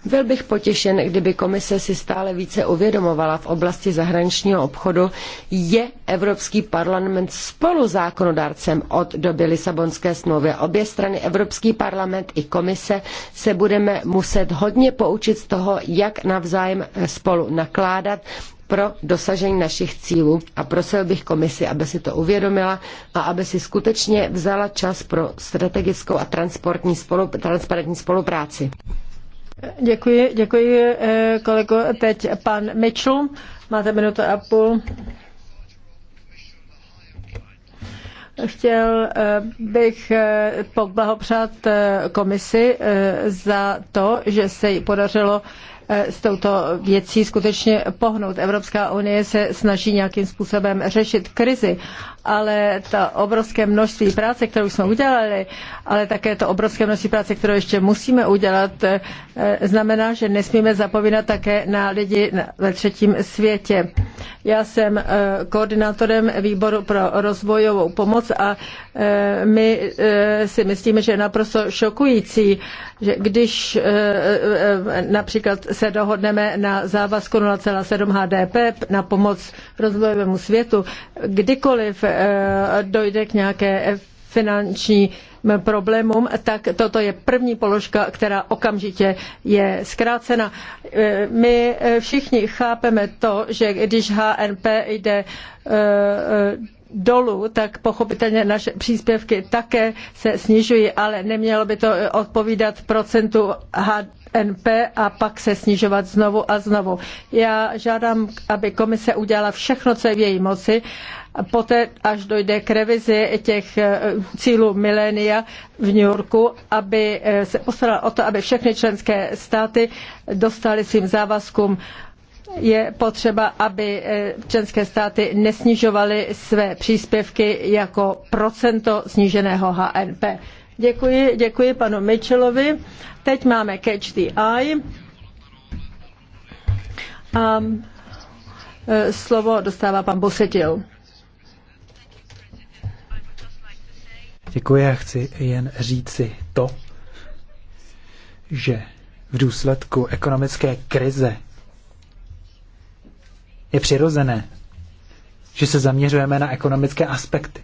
Byl bych potěšen, kdyby komise si stále více uvědomovala v oblasti zahraničního obchodu, je Evropský parlament spoluzákonodárcem od doby Lisabonské smlouvy. Obě strany Evropský parlament i komise se budeme muset hodně poučit z toho, jak navzájem spolu nakládat pro dosažení našich cílů a prosil bych komisi, aby si to uvědomila a aby si skutečně vzala čas pro strategickou a transportní transparentní spolupráci. Děkuji, děkuji eh, kolego. Teď pan Mitchell, máte minutu a půl. Chtěl eh, bych eh, poblahopřát komisi za to, že se jí podařilo s touto věcí skutečně pohnout. Evropská unie se snaží nějakým způsobem řešit krizi ale to obrovské množství práce, kterou jsme udělali, ale také to obrovské množství práce, kterou ještě musíme udělat, eh, znamená, že nesmíme zapomínat také na lidi ve třetím světě. Já jsem eh, koordinátorem výboru pro rozvojovou pomoc a eh, my si myslíme, že je naprosto šokující, že když například se dohodneme na závazku 0,7 HDP na pomoc rozvojovému světu, kdykoliv Eh, dojde k nějaké finanční problémům, tak toto je první položka, která okamžitě je zkrácena. Eh, my eh, všichni chápeme to, že když HNP jde dolů, tak pochopitelně naše příspěvky také se snižují, ale nemělo by to odpovídat procentu HNP a pak se snižovat znovu a znovu. Já žádám, aby komise udělala všechno, co je v její moci, poté, až dojde k revizi těch eh, cílů milénia v New Yorku, aby eh, se postaral o to, aby všechny členské státy dostaly svým závazkům je potřeba, aby eh, členské státy nesnižovaly své příspěvky jako procento sníženého HNP. Děkuji, děkuji panu Mitchellovi. Teď máme Catch the Eye. A slovo dostává pan Bosetil. Děkuji, já chci jen říci to, že v důsledku ekonomické krize je přirozené, že se zaměřujeme na ekonomické aspekty.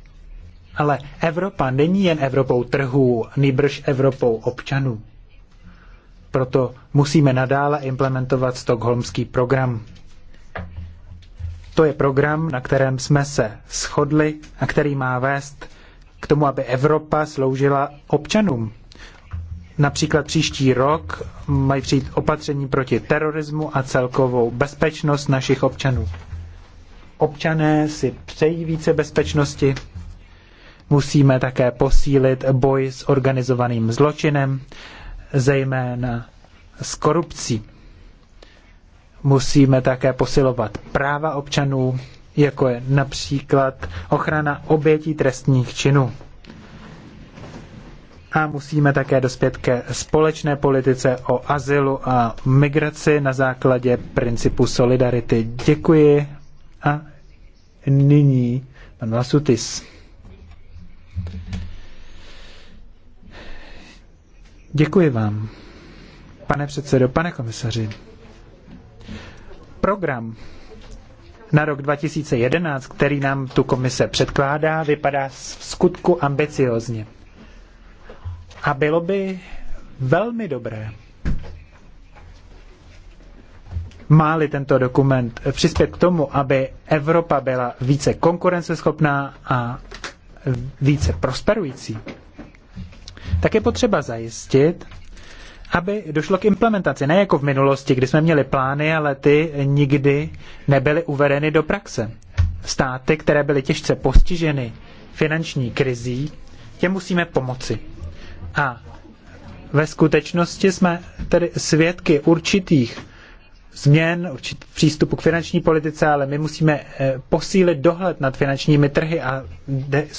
Ale Evropa není jen Evropou trhů, nýbrž Evropou občanů. Proto musíme nadále implementovat stokholmský program. To je program, na kterém jsme se shodli a který má vést tomu, aby Evropa sloužila občanům. Například příští rok mají přijít opatření proti terorismu a celkovou bezpečnost našich občanů. Občané si přejí více bezpečnosti. Musíme také posílit boj s organizovaným zločinem, zejména s korupcí. Musíme také posilovat práva občanů, jako je například ochrana obětí trestních činů. A musíme také dospět ke společné politice o azylu a migraci na základě principu solidarity. Děkuji a nyní pan Vasutis. Děkuji vám, pane předsedo, pane komisaři. Program na rok 2011, který nám tu komise předkládá, vypadá v skutku ambiciozně. A bylo by velmi dobré, má-li tento dokument přispět k tomu, aby Evropa byla více konkurenceschopná a více prosperující, tak je potřeba zajistit, aby došlo k implementaci. Ne jako v minulosti, kdy jsme měli plány, ale ty nikdy nebyly uvedeny do praxe. Státy, které byly těžce postiženy finanční krizí, těm musíme pomoci. A ve skutečnosti jsme tedy svědky určitých změn, určitý přístupu k finanční politice, ale my musíme eh, posílit dohled nad finančními trhy a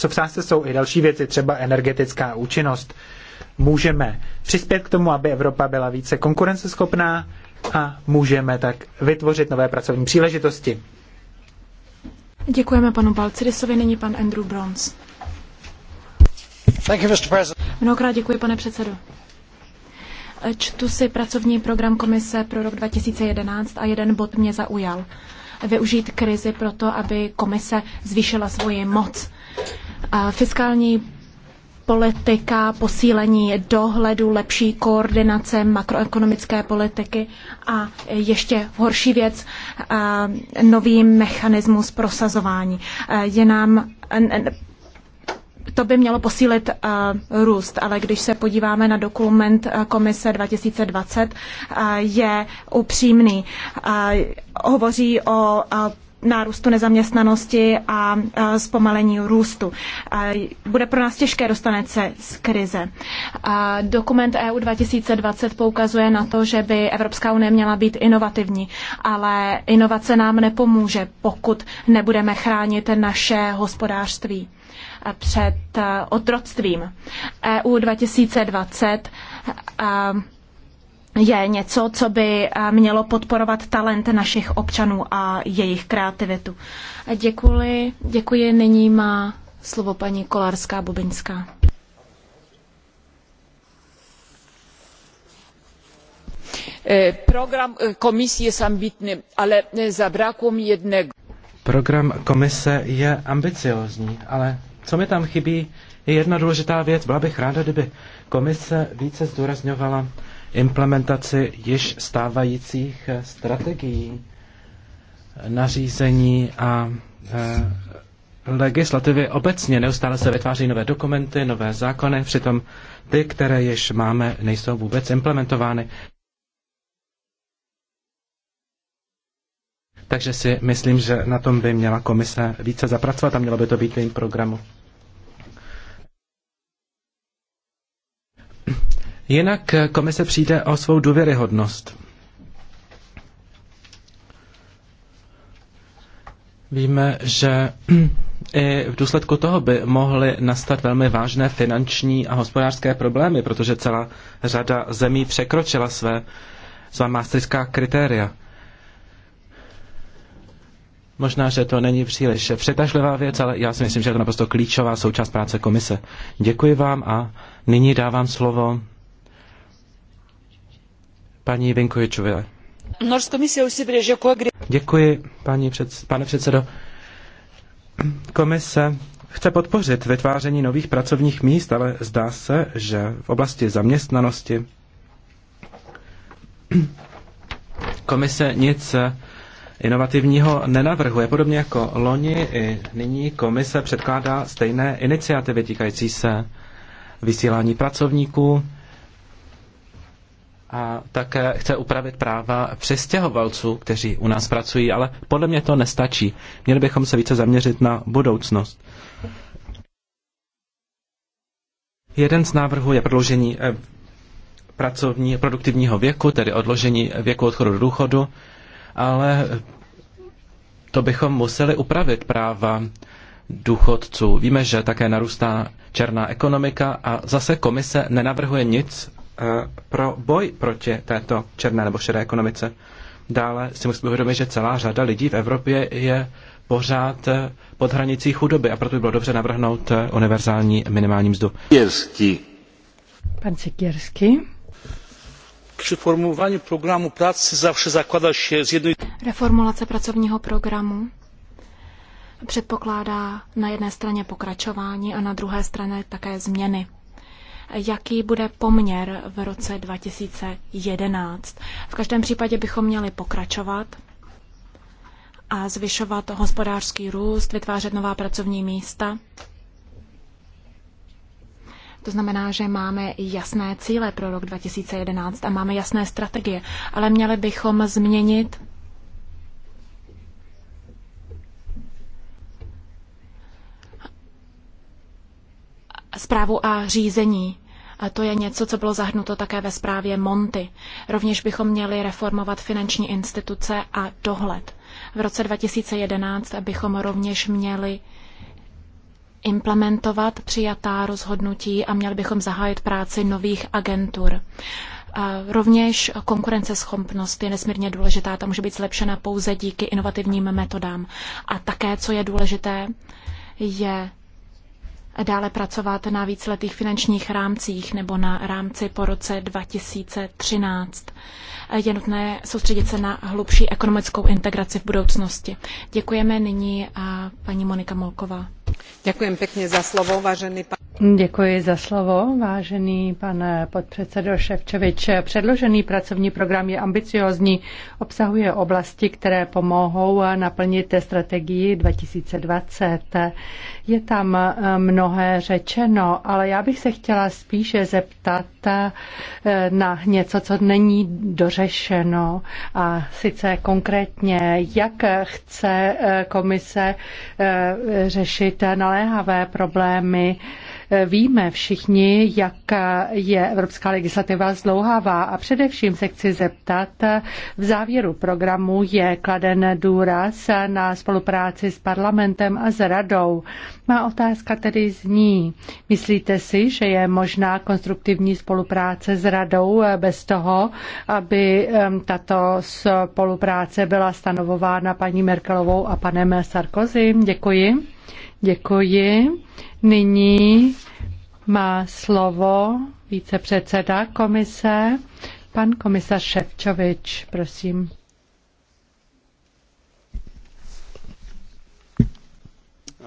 v sázce jsou i další věci, třeba energetická účinnost můžeme přispět k tomu, aby Evropa byla více konkurenceschopná a můžeme tak vytvořit nové pracovní příležitosti. Děkujeme panu Balcidisovi, nyní pan Andrew Brons. Thank you, Mr. President. Mnohokrát děkuji, pane předsedo. Čtu si pracovní program komise pro rok 2011 a jeden bod mě zaujal. Využít krizi proto, aby komise zvýšila svoji moc. Fiskální politika, posílení dohledu, lepší koordinace makroekonomické politiky a ještě horší věc, nový mechanismus prosazování. Je nám to by mělo posílit uh, růst, ale když se podíváme na dokument uh, Komise 2020, uh, je upřímný. Uh, hovoří o uh, nárůstu nezaměstnanosti a zpomalení růstu. Bude pro nás těžké dostanet se z krize. Dokument EU 2020 poukazuje na to, že by Evropská unie měla být inovativní, ale inovace nám nepomůže, pokud nebudeme chránit naše hospodářství před otroctvím. EU 2020 je něco, co by eh, mělo podporovat talent našich občanů a jejich kreativitu. Děkuji, děkuji. Nyní má slovo paní Kolárská Bobinská. E, program e, komisí je ambitný, ale e, zabrakło mi jednego. Program komise je ambiciozní, ale co mi tam chybí, je jedna důležitá věc. Byla bych ráda, kdyby komise více zdůrazňovala implementaci již stávajících eh, strategií, eh, nařízení a eh, legislativy obecně. Neustále se vytváří nové dokumenty, nové zákony, přitom ty, které již máme, nejsou vůbec implementovány. Takže si myslím, že na tom by měla komise více zapracovat a mělo by to být v jejím programu. Jinak eh, komise přijde o svou důvěryhodnost. Víme, že i v důsledku toho by mohly nastat velmi vážné finanční a hospodářské problémy, protože celá řada zemí překročila své, svá mástrická kritéria. Možná, že to není příliš přetažlivá věc, ale já si myslím, že je to naprosto klíčová součást práce komise. Děkuji vám a nyní dávám slovo Paní Vinkovičově. Děkuji, paní před, pane předsedo. Komise chce podpořit vytváření nových pracovních míst, ale zdá se, že v oblasti zaměstnanosti komise nic inovativního nenavrhuje. Podobně jako loni, i nyní komise předkládá stejné iniciativy týkající se vysílání pracovníků, a také chce upravit práva přistěhovalců, kteří u nás pracují, ale podle mě to nestačí. Měli bychom se více zaměřit na budoucnost. Jeden z návrhů je prodloužení eh, pracovní, produktivního věku, tedy odložení věku odchodu do důchodu, ale to bychom museli upravit práva důchodců. Víme, že také narůstá černá ekonomika a zase komise nenavrhuje nic Eh, pro boj proti této černé nebo šedé ekonomice. Dále si musíme uvědomit, že celá řada lidí v Evropě je pořád eh, pod hranicí chudoby a proto by bylo dobře navrhnout eh, univerzální minimální mzdu. Sikierski. Pan Sikierski. Při formulování programu práce zavše zakládá se z jedné... Reformulace pracovního programu předpokládá na jedné straně pokračování a na druhé straně také změny jaký bude poměr v roce 2011. V každém případě bychom měli pokračovat a zvyšovat hospodářský růst, vytvářet nová pracovní místa. To znamená, že máme jasné cíle pro rok 2011 a máme jasné strategie, ale měli bychom změnit zprávu a řízení. A to je něco, co bylo zahrnuto také ve zprávě Monty. Rovněž bychom měli reformovat finanční instituce a dohled. V roce 2011 bychom rovněž měli implementovat přijatá rozhodnutí a měli bychom zahájit práci nových agentur. A rovněž konkurenceschopnost je nesmírně důležitá, ta může být zlepšena pouze díky inovativním metodám. A také, co je důležité, je dále pracovat na víceletých finančních rámcích nebo na rámci po roce 2013. Je nutné soustředit se na hlubší ekonomickou integraci v budoucnosti. Děkujeme nyní a paní Monika Molková. Děkuji pěkně za slovo, vážený pan... Děkuji za slovo, vážený pane podpředsedo Ševčevič. Předložený pracovní program je ambiciozní, obsahuje oblasti, které pomohou naplnit strategii 2020. Je tam eh, mnohé řečeno, ale já bych se chtěla spíše zeptat eh, na něco, co není dořešeno. A sice konkrétně, jak chce eh, komise řešit řešit naléhavé problémy. Eh, víme všichni, jak je evropská legislativa zdlouhavá a především se chci zeptat, v závěru programu je kladen důraz na spolupráci s parlamentem a s radou. Má otázka tedy zní, myslíte si, že je možná konstruktivní spolupráce s radou eh, bez toho, aby tato spolupráce byla stanovována paní Merkelovou a panem Sarkozy? Děkuji. Děkuji. Nyní má slovo vícepředseda komise, pan komisař Ševčovič, prosím.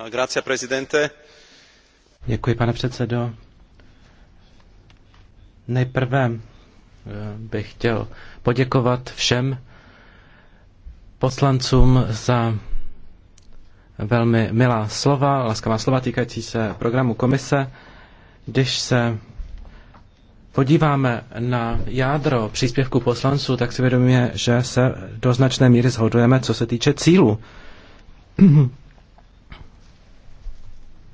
Grazie, prezidente. Děkuji, pane předsedo. Nejprve eh, bych chtěl poděkovat všem poslancům za velmi milá slova, laskavá slova týkající se programu komise. Když se podíváme na jádro příspěvku poslanců, tak si vědomíme, že se do značné míry shodujeme, co se týče cílu.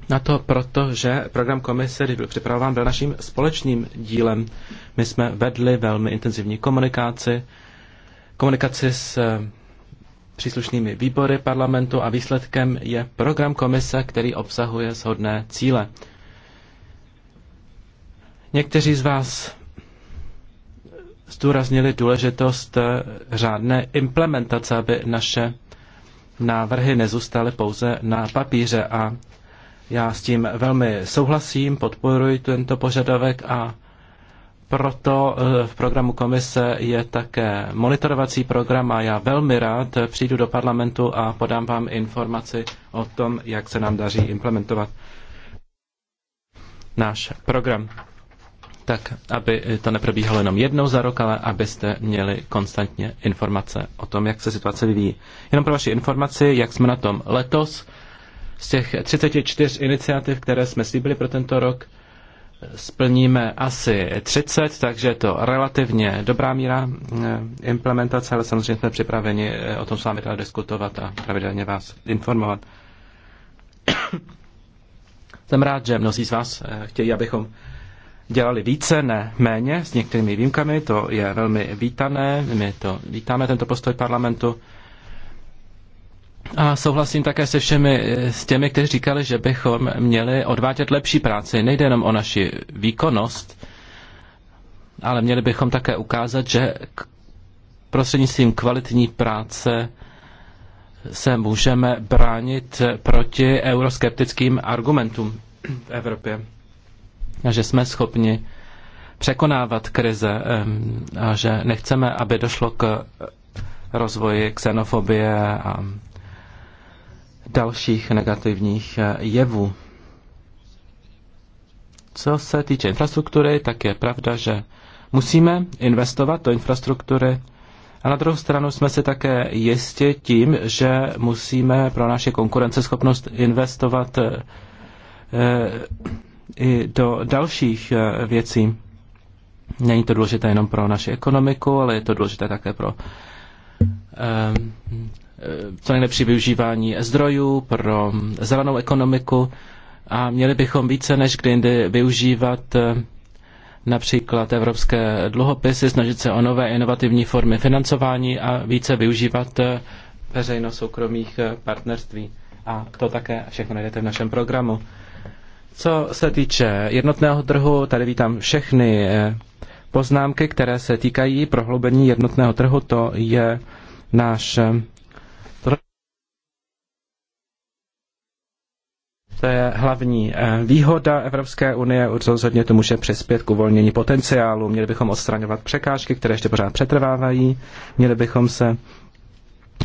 Na to proto, že program komise, když byl připravován, byl naším společným dílem. My jsme vedli velmi intenzivní komunikaci, komunikaci s příslušnými výbory parlamentu a výsledkem je program komise, který obsahuje shodné cíle. Někteří z vás zdůraznili důležitost řádné implementace, aby naše návrhy nezůstaly pouze na papíře a já s tím velmi souhlasím, podporuji tento požadavek a proto eh, v programu komise je také monitorovací program a já velmi rád přijdu do parlamentu a podám vám informaci o tom, jak se nám daří implementovat náš program. Tak, aby to neprobíhalo jenom jednou za rok, ale abyste měli konstantně informace o tom, jak se situace vyvíjí. Jenom pro vaši informaci, jak jsme na tom letos. Z těch 34 iniciativ, které jsme slíbili pro tento rok, splníme asi 30, takže je to relativně dobrá míra eh, implementace, ale samozřejmě jsme připraveni eh, o tom s vámi dále diskutovat a pravidelně vás informovat. Jsem rád, že mnozí z vás eh, chtějí, abychom dělali více, ne méně, s některými výjimkami, to je velmi vítané, my to vítáme, tento postoj parlamentu. A souhlasím také se všemi eh, s těmi, kteří říkali, že bychom měli odvádět lepší práci. Nejde jenom o naši výkonnost, ale měli bychom také ukázat, že prostřednictvím kvalitní práce se můžeme bránit proti euroskeptickým argumentům v Evropě. A že jsme schopni překonávat krize a že nechceme, aby došlo k rozvoji xenofobie a dalších negativních eh, jevů. Co se týče infrastruktury, tak je pravda, že musíme investovat do infrastruktury. A na druhou stranu jsme si také jistě tím, že musíme pro naše konkurenceschopnost investovat eh, eh, i do dalších věcí. Není to důležité jenom pro naši ekonomiku, ale je to důležité také pro Eh, co nejlepší využívání zdrojů pro zelenou ekonomiku a měli bychom více než kdy jindy využívat eh, například evropské dluhopisy, snažit se o nové inovativní formy financování a více využívat eh, veřejno-soukromých partnerství. A to také všechno najdete v našem programu. Co se týče jednotného trhu, tady vítám všechny poznámky, které se týkají prohloubení jednotného trhu. To je náš To je hlavní eh, výhoda Evropské unie, rozhodně to může přispět k uvolnění potenciálu. Měli bychom odstraňovat překážky, které ještě pořád přetrvávají, měli bychom se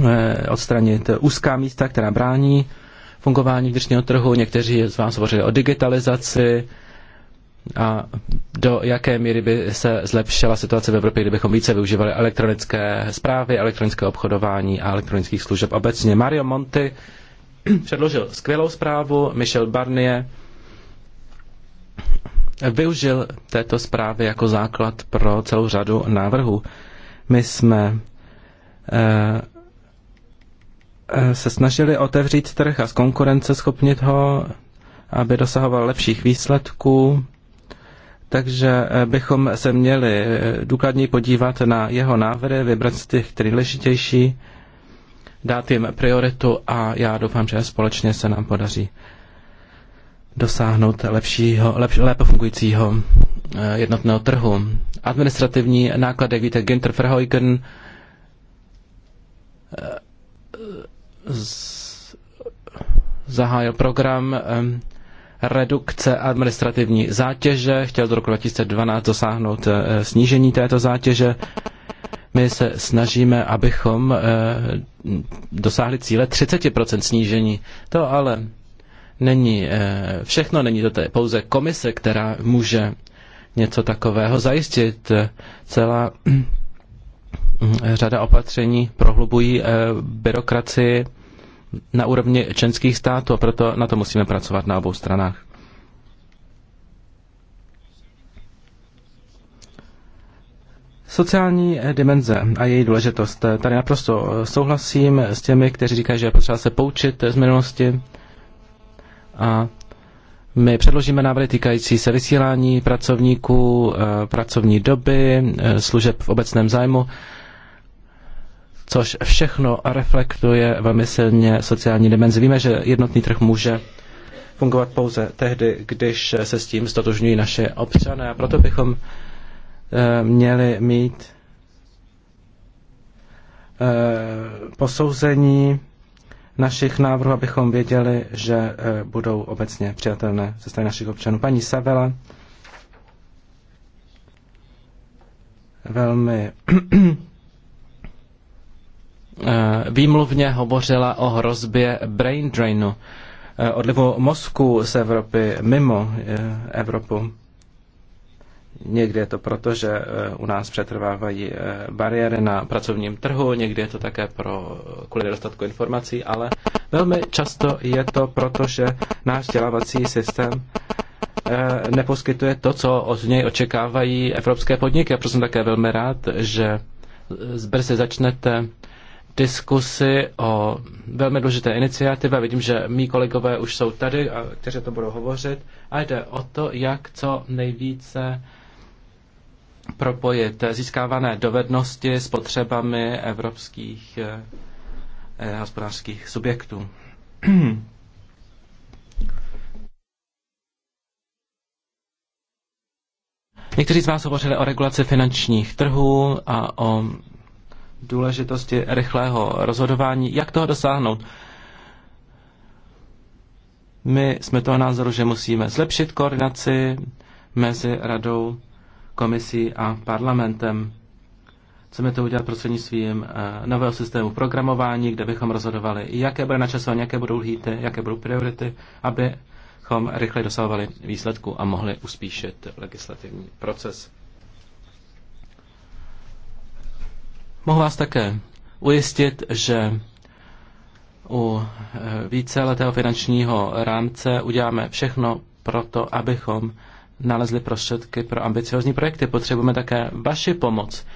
eh, odstranit úzká místa, která brání fungování vnitřního trhu. Někteří z vás hovořili o digitalizaci a do jaké míry by se zlepšila situace v Evropě, kdybychom více využívali elektronické zprávy, elektronické obchodování a elektronických služeb obecně. Mario Monti předložil skvělou zprávu. Michel Barnier využil této zprávy jako základ pro celou řadu návrhů. My jsme eh, eh, se snažili otevřít trh a zkonkurenceschopnit ho, aby dosahoval lepších výsledků, takže eh, bychom se měli důkladně podívat na jeho návrhy, vybrat z těch, které ležitější dát jim prioritu a já doufám, že společně se nám podaří dosáhnout lepšího, lepš, lépe fungujícího eh, jednotného trhu. Administrativní náklady, jak víte, Ginter Verheugen eh, zahájil program eh, redukce administrativní zátěže, chtěl do roku 2012 dosáhnout snížení této zátěže. My se snažíme, abychom eh, dosáhli cíle 30% snížení. To ale není eh, všechno, není to tady pouze komise, která může něco takového zajistit. Celá eh, řada opatření prohlubují byrokracii na úrovni členských států a proto na to musíme pracovat na obou stranách. Sociální eh, dimenze a její důležitost. Eh, tady naprosto eh, souhlasím s těmi, kteří říkají, že je potřeba se poučit z minulosti. A my předložíme návrhy týkající se vysílání pracovníků, pracovní doby, služeb v obecném zájmu, což všechno reflektuje velmi silně sociální dimenze. Víme, že jednotný trh může fungovat pouze tehdy, když se s tím stotožňují naše občané a proto bychom Eh, měli mít eh, posouzení našich návrhů, abychom věděli, že eh, budou obecně přijatelné ze strany našich občanů. Paní Savela velmi výmluvně hovořila o hrozbě brain drainu, odlivu mozku z Evropy mimo Evropu. Někdy je to proto, že eh, u nás přetrvávají eh, bariéry na pracovním trhu, někdy je to také pro, kvůli nedostatku informací, ale velmi často je to proto, že náš vzdělávací systém eh, neposkytuje to, co od něj očekávají evropské podniky. A proto jsem také velmi rád, že brzy začnete diskusy o velmi důležité iniciativě. Vidím, že mý kolegové už jsou tady, kteří to budou hovořit. A jde o to, jak co nejvíce propojit získávané dovednosti s potřebami evropských eh, eh hospodářských subjektů. Někteří z vás hovořili o regulaci finančních trhů a o důležitosti rychlého rozhodování. Jak toho dosáhnout? My jsme toho názoru, že musíme zlepšit koordinaci mezi radou komisí a parlamentem. Chceme to udělat prostřednictvím eh, nového systému programování, kde bychom rozhodovali, jaké bude načasování, jaké budou lhýty, jaké budou priority, abychom rychle dosahovali výsledku a mohli uspíšit legislativní proces. Mohu vás také ujistit, že u eh, víceletého finančního rámce uděláme všechno pro to, abychom nalezli prostředky pro ambiciozní projekty. Potřebujeme také vaši pomoc,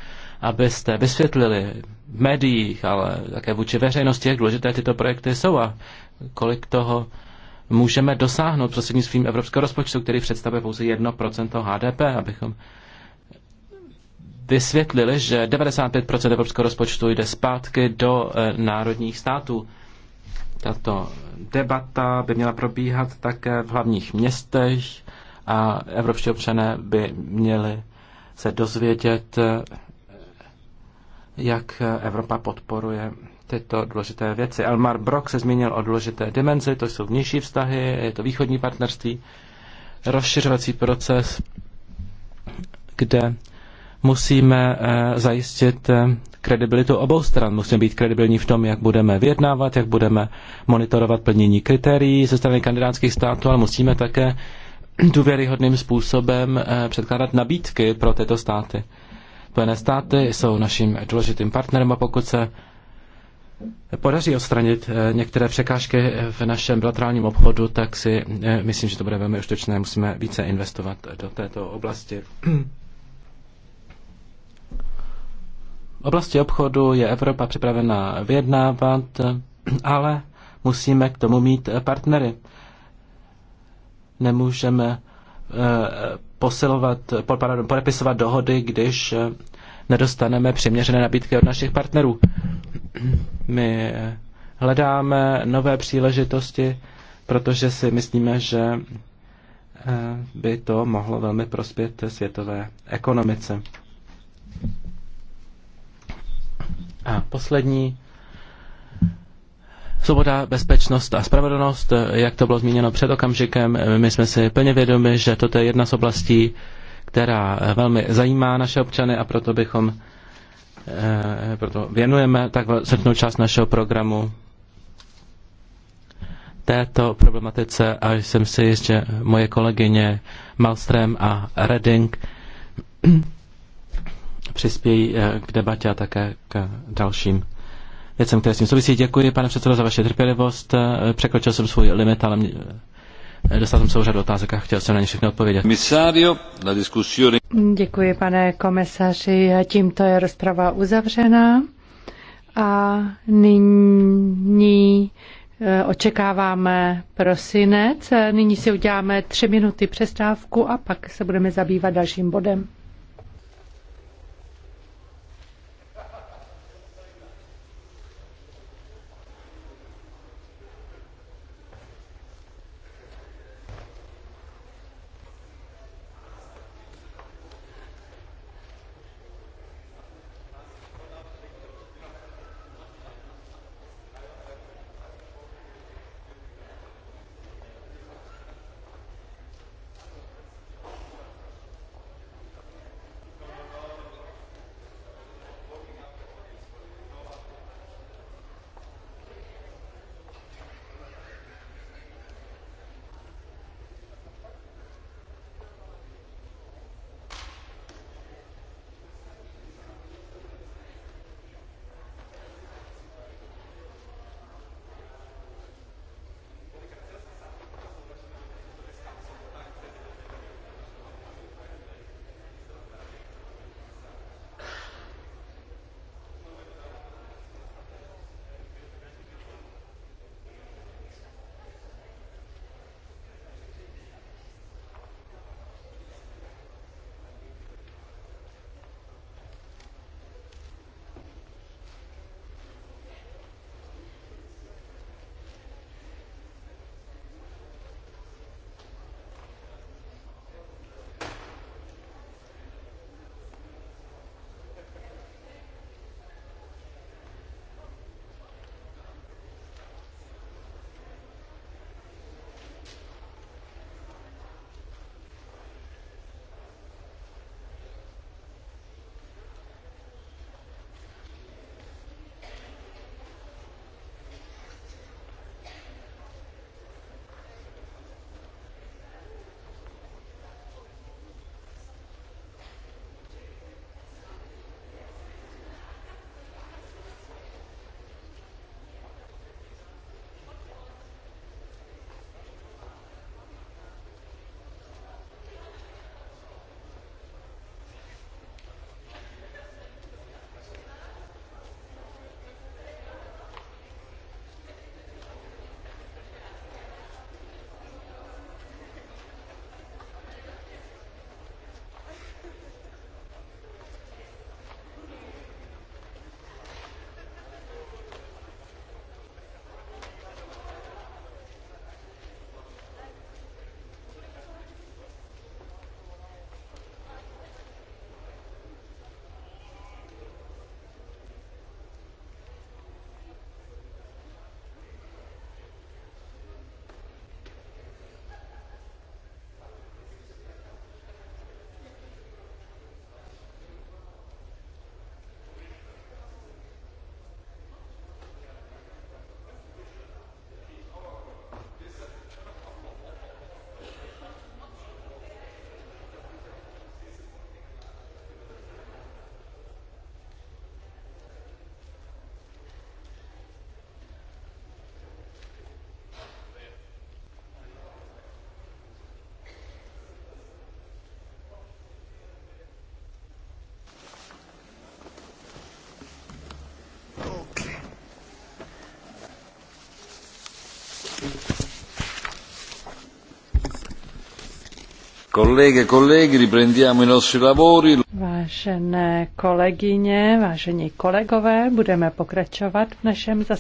abyste vysvětlili v médiích, ale také vůči veřejnosti, jak důležité tyto projekty jsou a kolik toho můžeme dosáhnout prostřednictvím evropského rozpočtu, který představuje pouze 1% HDP, abychom vysvětlili, že 95% evropského rozpočtu jde zpátky do eh, národních států. Tato debata by měla probíhat také v hlavních městech, a evropští občané by měli se dozvědět, jak Evropa podporuje tyto důležité věci. Elmar Brock se zmínil o důležité dimenzi, to jsou vnější vztahy, je to východní partnerství, rozšiřovací proces, kde musíme eh, zajistit eh, kredibilitu obou stran. Musíme být kredibilní v tom, jak budeme vyjednávat, jak budeme monitorovat plnění kritérií ze strany kandidátských států, ale musíme také důvěryhodným způsobem eh, předkládat nabídky pro tyto státy. Spojené státy jsou naším důležitým partnerem a pokud se podaří odstranit eh, některé překážky v našem bilaterálním obchodu, tak si eh, myslím, že to bude velmi užitečné. Musíme více investovat do této oblasti. V oblasti obchodu je Evropa připravena vyjednávat, ale musíme k tomu mít partnery. Nemůžeme eh, posilovat, podepisovat dohody, když eh, nedostaneme přiměřené nabídky od našich partnerů. My eh, hledáme nové příležitosti, protože si myslíme, že by to mohlo velmi prospět světové ekonomice. A poslední Svoboda, bezpečnost a spravedlnost, jak to bylo zmíněno před okamžikem, my jsme si plně vědomi, že toto je jedna z oblastí, která velmi zajímá naše občany a proto bychom eh, proto věnujeme tak srdnou část našeho programu této problematice a jsem si jistě moje kolegyně Malström a Redding přispějí eh, k debatě a také k dalším věcem, které s tím souvisí. Děkuji, pane předsedo, za vaši trpělivost. Eh, překročil jsem svůj limit, ale mě... Eh, dostal jsem se řadu otázek a chtěl jsem na ně všechny odpovědět. Děkuji, pane komisaři. Tímto je rozprava uzavřená. A nyní eh, očekáváme prosinec. Nyní si uděláme tři minuty přestávku a pak se budeme zabývat dalším bodem. Kolege, e riprendiamo i nostri lavori. Vážené kolegyně, vážení kolegové, budeme pokračovat v našem zasedání.